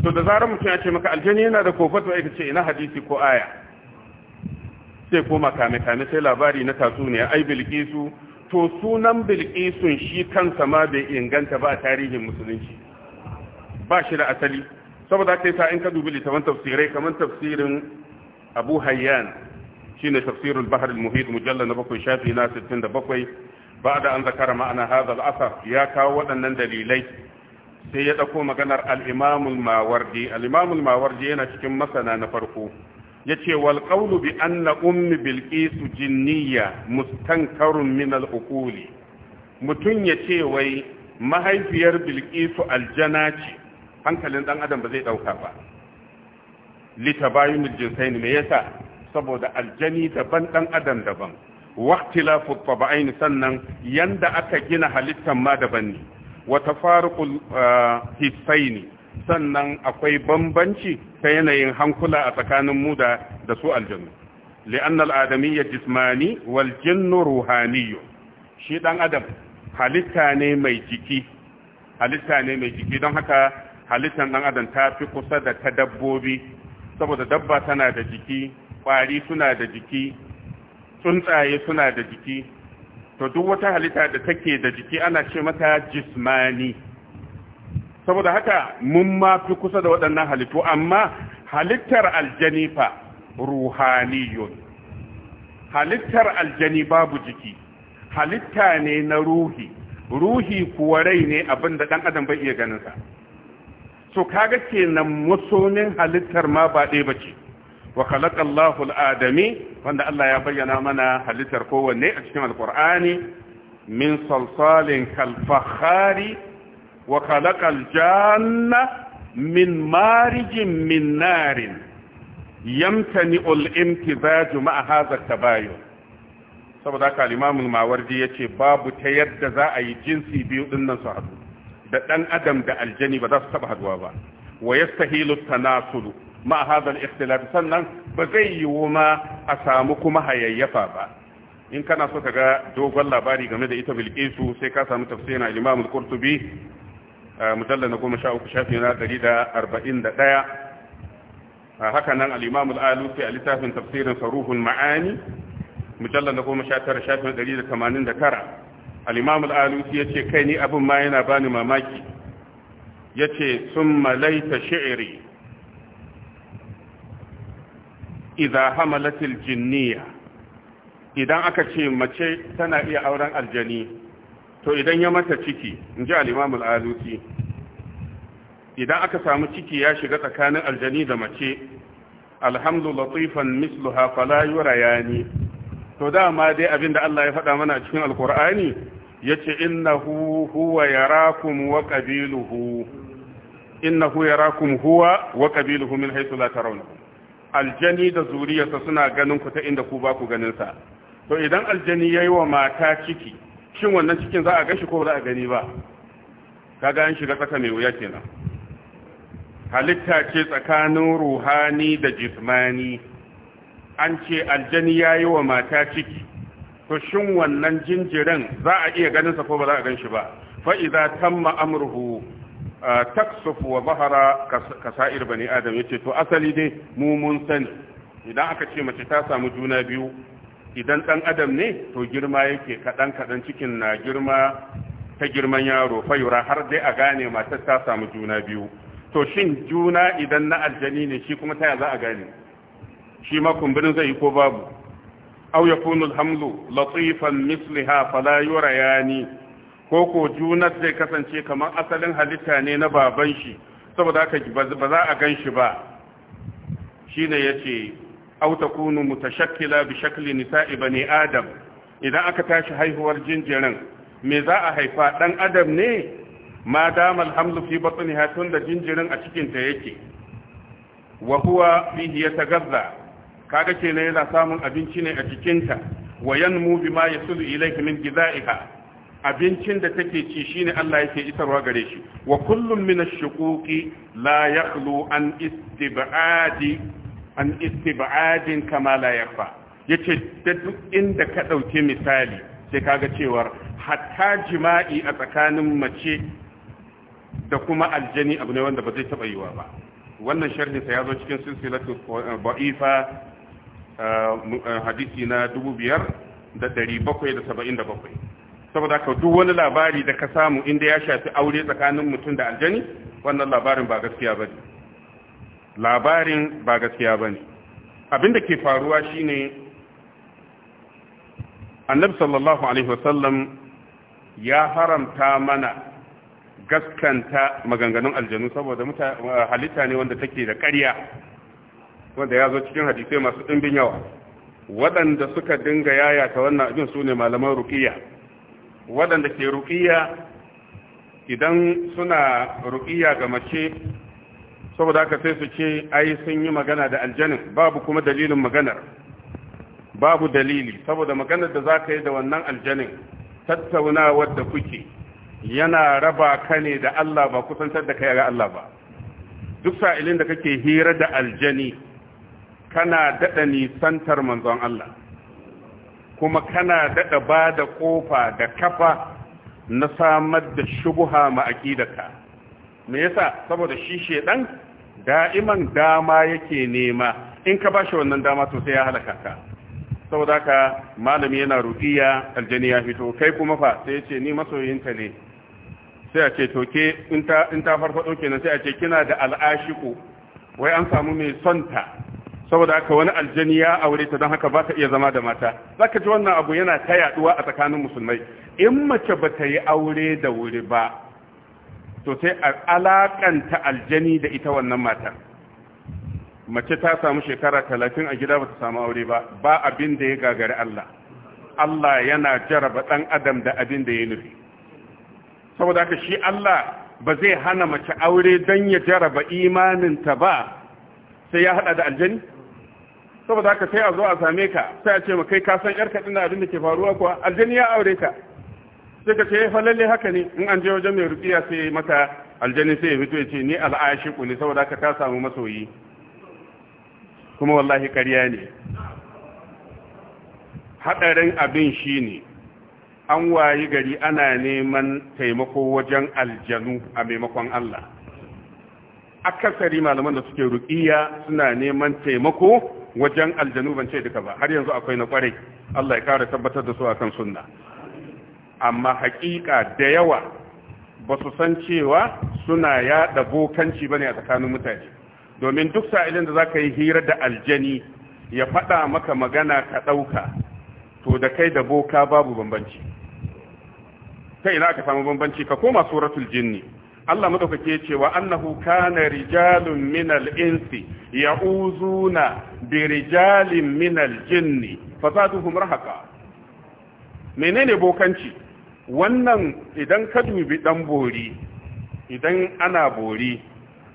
to da zarar mutum ya ce maka aljani yana da kofato ai ce ina hadisi ko aya sai koma kame kame sai labari na tatsuniya ai bilkisu. to sunan bilkisun shi kansa ma bai inganta ba a tarihin musulunci ba shi da asali saboda ake sa in ka dubi littafin tafsirai kamar tafsirin abu hayyan shine tafsirul bahar al-muhit mujallal na bakwai shafi na 67 ba'da an zakara ma'ana hadha al-athar ya kawo waɗannan dalilai sai ya dauko maganar al-imam al-mawardi al-imam al-mawardi yana cikin masana na farko yace wal qawlu bi anna ummi bilqis jinniya mustankarun min al-uquli mutun yace wai mahaifiyar bilkisu aljana ce hankalin dan adam ba zai dauka ba litabayinul jinsaini me yasa saboda aljani daban dan adam daban waqtilafu tabain sannan yanda aka gina halittan ma daban ne wa tafaruqul ah, hisaini sannan akwai bambanci ta yanayin hankula a tsakanin mu da da su aljanu li'an al'adamiyya jismani wal jinnu ruhaniyyu shi dan adam halitta ne mai jiki halitta ne mai jiki don haka halittar dan adam ta fi kusa da ta dabbobi saboda dabba tana da jiki kwari suna da jiki tsuntsaye suna da jiki to duk wata halitta da take da jiki ana ce mata jismani saboda haka mun ma fi kusa da waɗannan halittu amma halittar aljanifa ruhaniyun halittar aljani babu jiki halitta ne na ruhi ruhi kuwa rai ne abin da ɗan adam bai iya ganinsa to kaga kenan masonin halittar ma ba ɗaya ba ce wa khalaqallahu al-adami wanda Allah ya bayyana mana halittar kowanne a cikin alqur'ani min salsalin kalfakhari wa khalaqal janna min marijin min narin yamtani'ul imtizaju ma'a hadha tabayun saboda haka al mawardi yace babu ta yadda za a yi jinsi biyu dinnan su haɗu da ɗan adam da aljani ba za su taɓa haduwa ba wa ya yastahilu tanasulu ma hadha al-ikhtilaf sannan ba zai yiwu ma a samu kuma hayayyafa ba in kana so ka ga dogon labari game da ita bilkisu sai ka samu tafsirin al-imam al-qurtubi mujallal na 13 shafi na 141 haka nan al-imam al-alusi a littafin tafsirin saruhul ma'ani mujallal na 19 shafi na 189 al-imam al yace kai ni abin ma yana bani mamaki yace summa laita shi'ri idza hamalat al-jinniya idan aka ce mace tana iya auren aljani to idan ya mata ciki inji ji imam alusi idan aka samu ciki ya shiga tsakanin aljani da mace alhamdu latifan misluha fala yurayani to dama dai abinda Allah ya faɗa mana cikin alkur'ani yace innahu huwa yarakum wa qabiluhu innahu yarakum huwa wa qabiluhu min haythu la tarawnahum aljani da zuriyarsa suna ganin ku ta inda ku ba ku ganin sa to idan aljani yayi wa mata ciki shin wannan cikin za a gashi ko za a gani ba kaga an shiga tsaka mai wuya kenan halitta ce tsakanin ruhani da jismani an ce aljani yayi wa mata ciki to shin wannan jinjirin za a iya ganin sa ko ba za a gan shi ba fa idza tamma amruhu taksufu wa bahara kasa'ir bani adam yace to asali dai mu mun sani idan aka ce mace ta samu juna biyu idan dan adam ne to girma yake kadan kadan cikin na girma ta girman yaro fayura har dai a gane matar ta samu juna biyu to shin juna idan na aljani ne shi kuma ta za a gane shi ma kumburin zai yi ko babu aw yakunu alhamlu latifan misliha fala yurayani ko ko junar zai kasance kamar asalin halitta ne na baban shi saboda ba za a gan shi ba shine yace aw takunu mutashakkila bi shakli nisa'i bani adam idan aka tashi haihuwar jinjirin me za a haifa dan adam ne ma damal hamlu fi batniha tun da jinjirin a cikin ta yake Wahuwa huwa ta yatagazza kaga kenan yana samun abinci ne a jikinta wa yanmu bima yasulu ilayka min gidaiha abincin da take ci shine Allah yake isarwa gare shi wa kullum min ash-shuquqi la yakhlu an istibadi an istibadin kama la yakhfa yace da duk inda ka dauke misali sai kaga cewar hatta jima'i a tsakanin mace da kuma aljani abu ne wanda ba zai taba yiwa ba wannan sharhinsa ya zo cikin silsilatu ba'ifa eh, hadisi na dubu biyar da da da bakwai saba'in bakwai saboda ka duk wani labari da ka samu inda ya shafi aure tsakanin mutum da aljani wannan labarin ba gaskiya ne labarin ba gaskiya bane abinda ke faruwa shine annabi sallallahu alaihi wasallam ya haramta mana gaskanta maganganun aljanu saboda halitta ne wanda take da ƙarya wanda ya zo cikin hadisai masu ɗimbin yawa waɗanda suka dinga yaya ta wannan abin su ne malaman ruƙiya waɗanda ke ruƙiya idan suna ruƙiya ga mace saboda haka sai su ce ai sun yi magana da aljanin babu kuma dalilin maganar babu dalili saboda maganar da za ka yi da wannan aljanin tattaunawar da kuke yana raba ka ne da Allah ba kusantar da kai ga Allah ba duk sa'ilin da kake hira da aljani kana daɗa nisantar manzon Allah kuma kana daɗa ba da ƙofa da kafa na samar da shubuha ma'aƙidaka me yasa saboda shi shedan da'iman dama yake nema in ka bashi wannan dama to sai ya halaka ka saboda ka malami yana rufiya aljani ya fito kai kuma fa sai ce ni masoyinta ne sai a ce to in ta in ta farfado kenan sai a ce kina da al'ashiku wai an samu mai sonta saboda haka wani aljani ya aure ta don haka ba ta iya zama da mata Za ka ji wannan abu yana ta yaduwa a tsakanin musulmai in mace ba ta yi aure da wuri ba to sai a alakanta aljani da ita wannan mata mace ta samu shekara talatin a gida ba ta samu aure ba ba abin da ya gagari Allah Allah yana jaraba ɗan adam da abin da ya nufi saboda haka shi Allah ba zai hana mace aure don ya jaraba imaninta ba sai ya hada da aljani saboda haka sai a zo a same ka sai a ce ma kai ka san yarka dinna abin da ke faruwa kuwa aljani ya aure ka sai ka ce eh, fa lalle haka ne in an je wajen mai rubiya sai mata aljani sai ya fito ya ce ni al'ashiku ne saboda haka ka samu masoyi kuma wallahi ƙarya ne Haɗarin abin shi ne. an wayi gari ana neman taimako wajen aljanu a maimakon Allah akasari malaman da suke ruƙiya suna neman taimako wajen aljanu ban ce duka ba har yanzu akwai na kwarai Allah ya kara tabbatar da su akan sunna amma hakika da yawa ba su san cewa suna yaɗa bokanci bane a tsakanin mutane domin duk sa'ilin da zaka yi hira da aljani ya faɗa maka magana ka ɗauka to da kai da boka babu bambanci kai ina aka samu bambanci ka koma suratul jinni Allah madaukake ya ce wa annahu kana rijalun minal insi ya'uzuna bi rijalin minal jinni fazaduhum rahaqa menene bokanci wannan idan ka dubi dan bori idan ana bori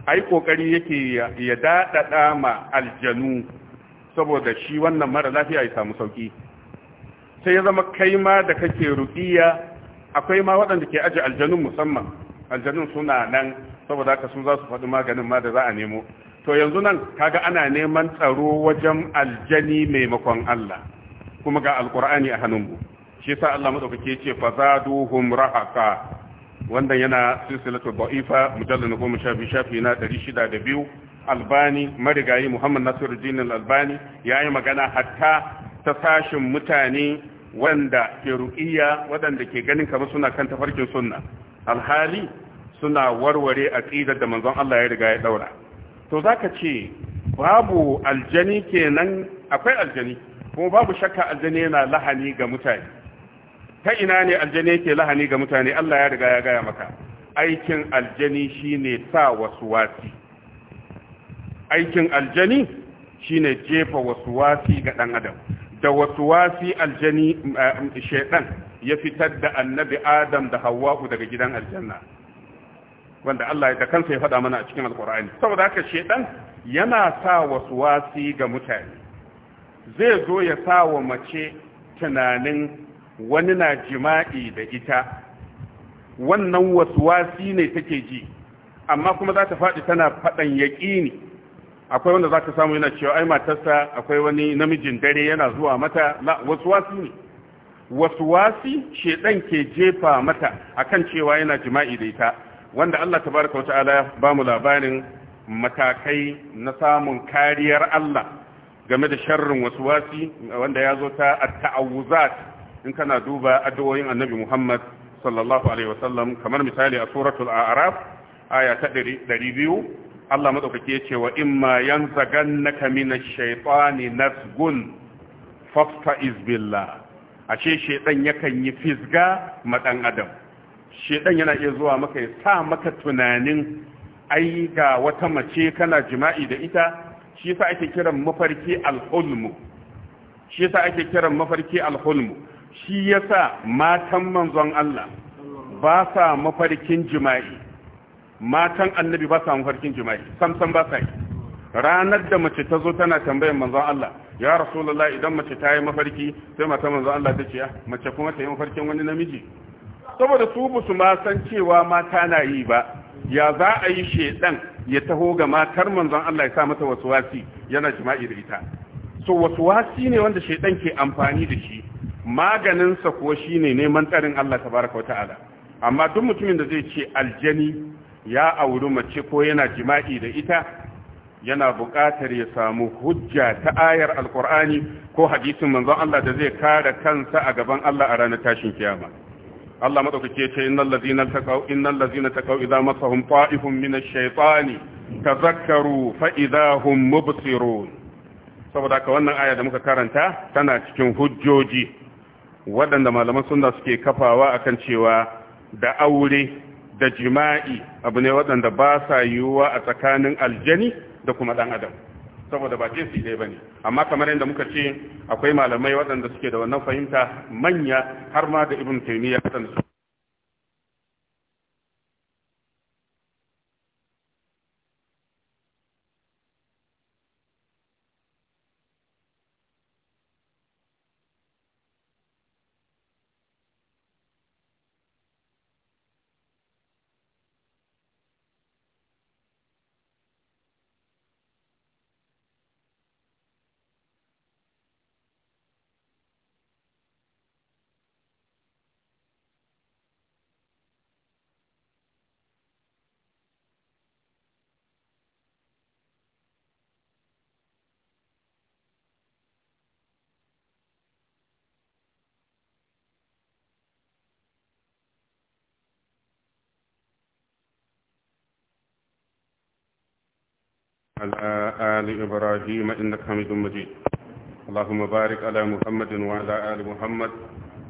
ai kokari yake ya dadada ma aljanu saboda shi wannan mara lafiya ya samu sauki sai ya zama kai ma da kake ruqiya akwai ma waɗanda ke aje aljanun musamman aljanun suna nan saboda haka sun za su faɗi maganin ma da za a nemo to yanzu nan kaga ana neman tsaro wajen aljani maimakon Allah kuma ga alkur'ani a hannunmu shi yasa Allah madaukake ce zaduhum rahaqa wannan yana silsilatu da'ifa mujallal 12 shafi na biyu albani marigayi muhammad nasiruddin albani yayi magana hatta ta sashin mutane wanda ke ru'iya wadanda ke ganin kamar suna kan tafarkin sunna alhali suna warware aqida da manzon Allah ya riga ya daura to zaka ce babu aljani kenan akwai aljani kuma babu shakka aljani yana lahani ga mutane ta ina ne aljani yake lahani ga mutane Allah ya riga ya gaya maka aikin aljani shine sa wasi aikin aljani shine jefa wasu wasi ga dan adam da wasu wasi aljani eh, shedan ya fitar da annabi adam da hawa'u daga gidan aljanna wanda Allah da kansa ya faɗa mana a cikin alkur'ani saboda haka shedan yana sa wasu wasi ga mutane zai zo ya sa wa mace tunanin wani na jima'i da ita wannan wasu wasi ne take ji amma kuma za ta faɗi tana faɗan yaƙini akwai wanda za ka samu yana cewa ai matarsa akwai wani namijin dare yana zuwa mata wasu wasi ne waswasi shedan ke jefa mata akan cewa yana jima'i da ita wanda Allah tabaraka wata'ala ba mu labarin matakai na samun kariyar Allah game da sharrin wasi wanda ya zo ta at-ta'awuzat in kana duba addu'o'in Annabi Muhammad sallallahu alaihi wasallam kamar misali a suratul a'raf aya ta 200 Allah madaukake ya ce wa imma yanzagannaka minash shaitani nasgun fasta'iz billah ce shedan yakan yi fisga maɗan adam shedan yana iya zuwa maka ya sa maka tunanin ai ga wata mace kana jima'i da ita shi yasa ake kiran mafarki alhulmu shi yasa ake kiran mafarki alhulmu shi yasa matan manzon Allah ba sa mafarkin jima'i matan annabi ba sa mafarkin jima'i sam sam ba sa yi ranar da mace ta zo tana tambayar manzon Allah ya rasulullah idan mace ta yi mafarki sai mata manzon Allah ta ce ah, mace kuma ta yi mafarkin wani namiji saboda su busu ma san cewa mata na yi ba ya za a yi shedan ya taho ga matar manzon Allah ya sa mata wasi yana jima'i da ita so wasi ne wanda shedan ke amfani da shi maganinsa kuwa shine neman tsarin Allah tabaraka wa ta'ala amma duk mutumin da zai ce aljani ya auri mace ko yana jima'i da ita yana buƙatar ya samu hujja ta ayar alkur'ani ko hadisin manzon Allah da zai kare kansa a gaban Allah a ranar tashin kiyama Allah madaukake ya ce innal ladzina taqaw innal ladzina taqaw idza masahum ta'ifun min shaytani tazakkaru fa idza mubsirun saboda ka wannan aya da muka karanta tana cikin hujjoji waɗanda malaman sunna suke kafawa akan cewa da aure da jima'i abu ne waɗanda ba sa yiwuwa a tsakanin aljani da kuma dan adam saboda ba jinsi ɗaya ne amma kamar yadda muka ce akwai malamai waɗanda suke da wannan fahimta manya har ma da ibn taymiya waɗanda على آل إبراهيم إنك حميد مجيد اللهم بارك على محمد وعلى آل محمد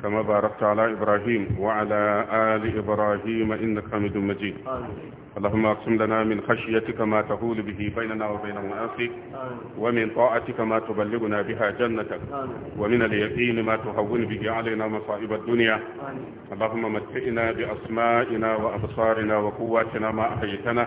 كما باركت على إبراهيم وعلى آل إبراهيم إنك حميد مجيد اللهم اقسم لنا من خشيتك ما تهول به بيننا وبين معاصيك ومن طاعتك ما تبلغنا بها جنتك ومن اليقين ما تهون به علينا مصائب الدنيا اللهم متئنا بأسمائنا وأبصارنا وقواتنا ما أحيتنا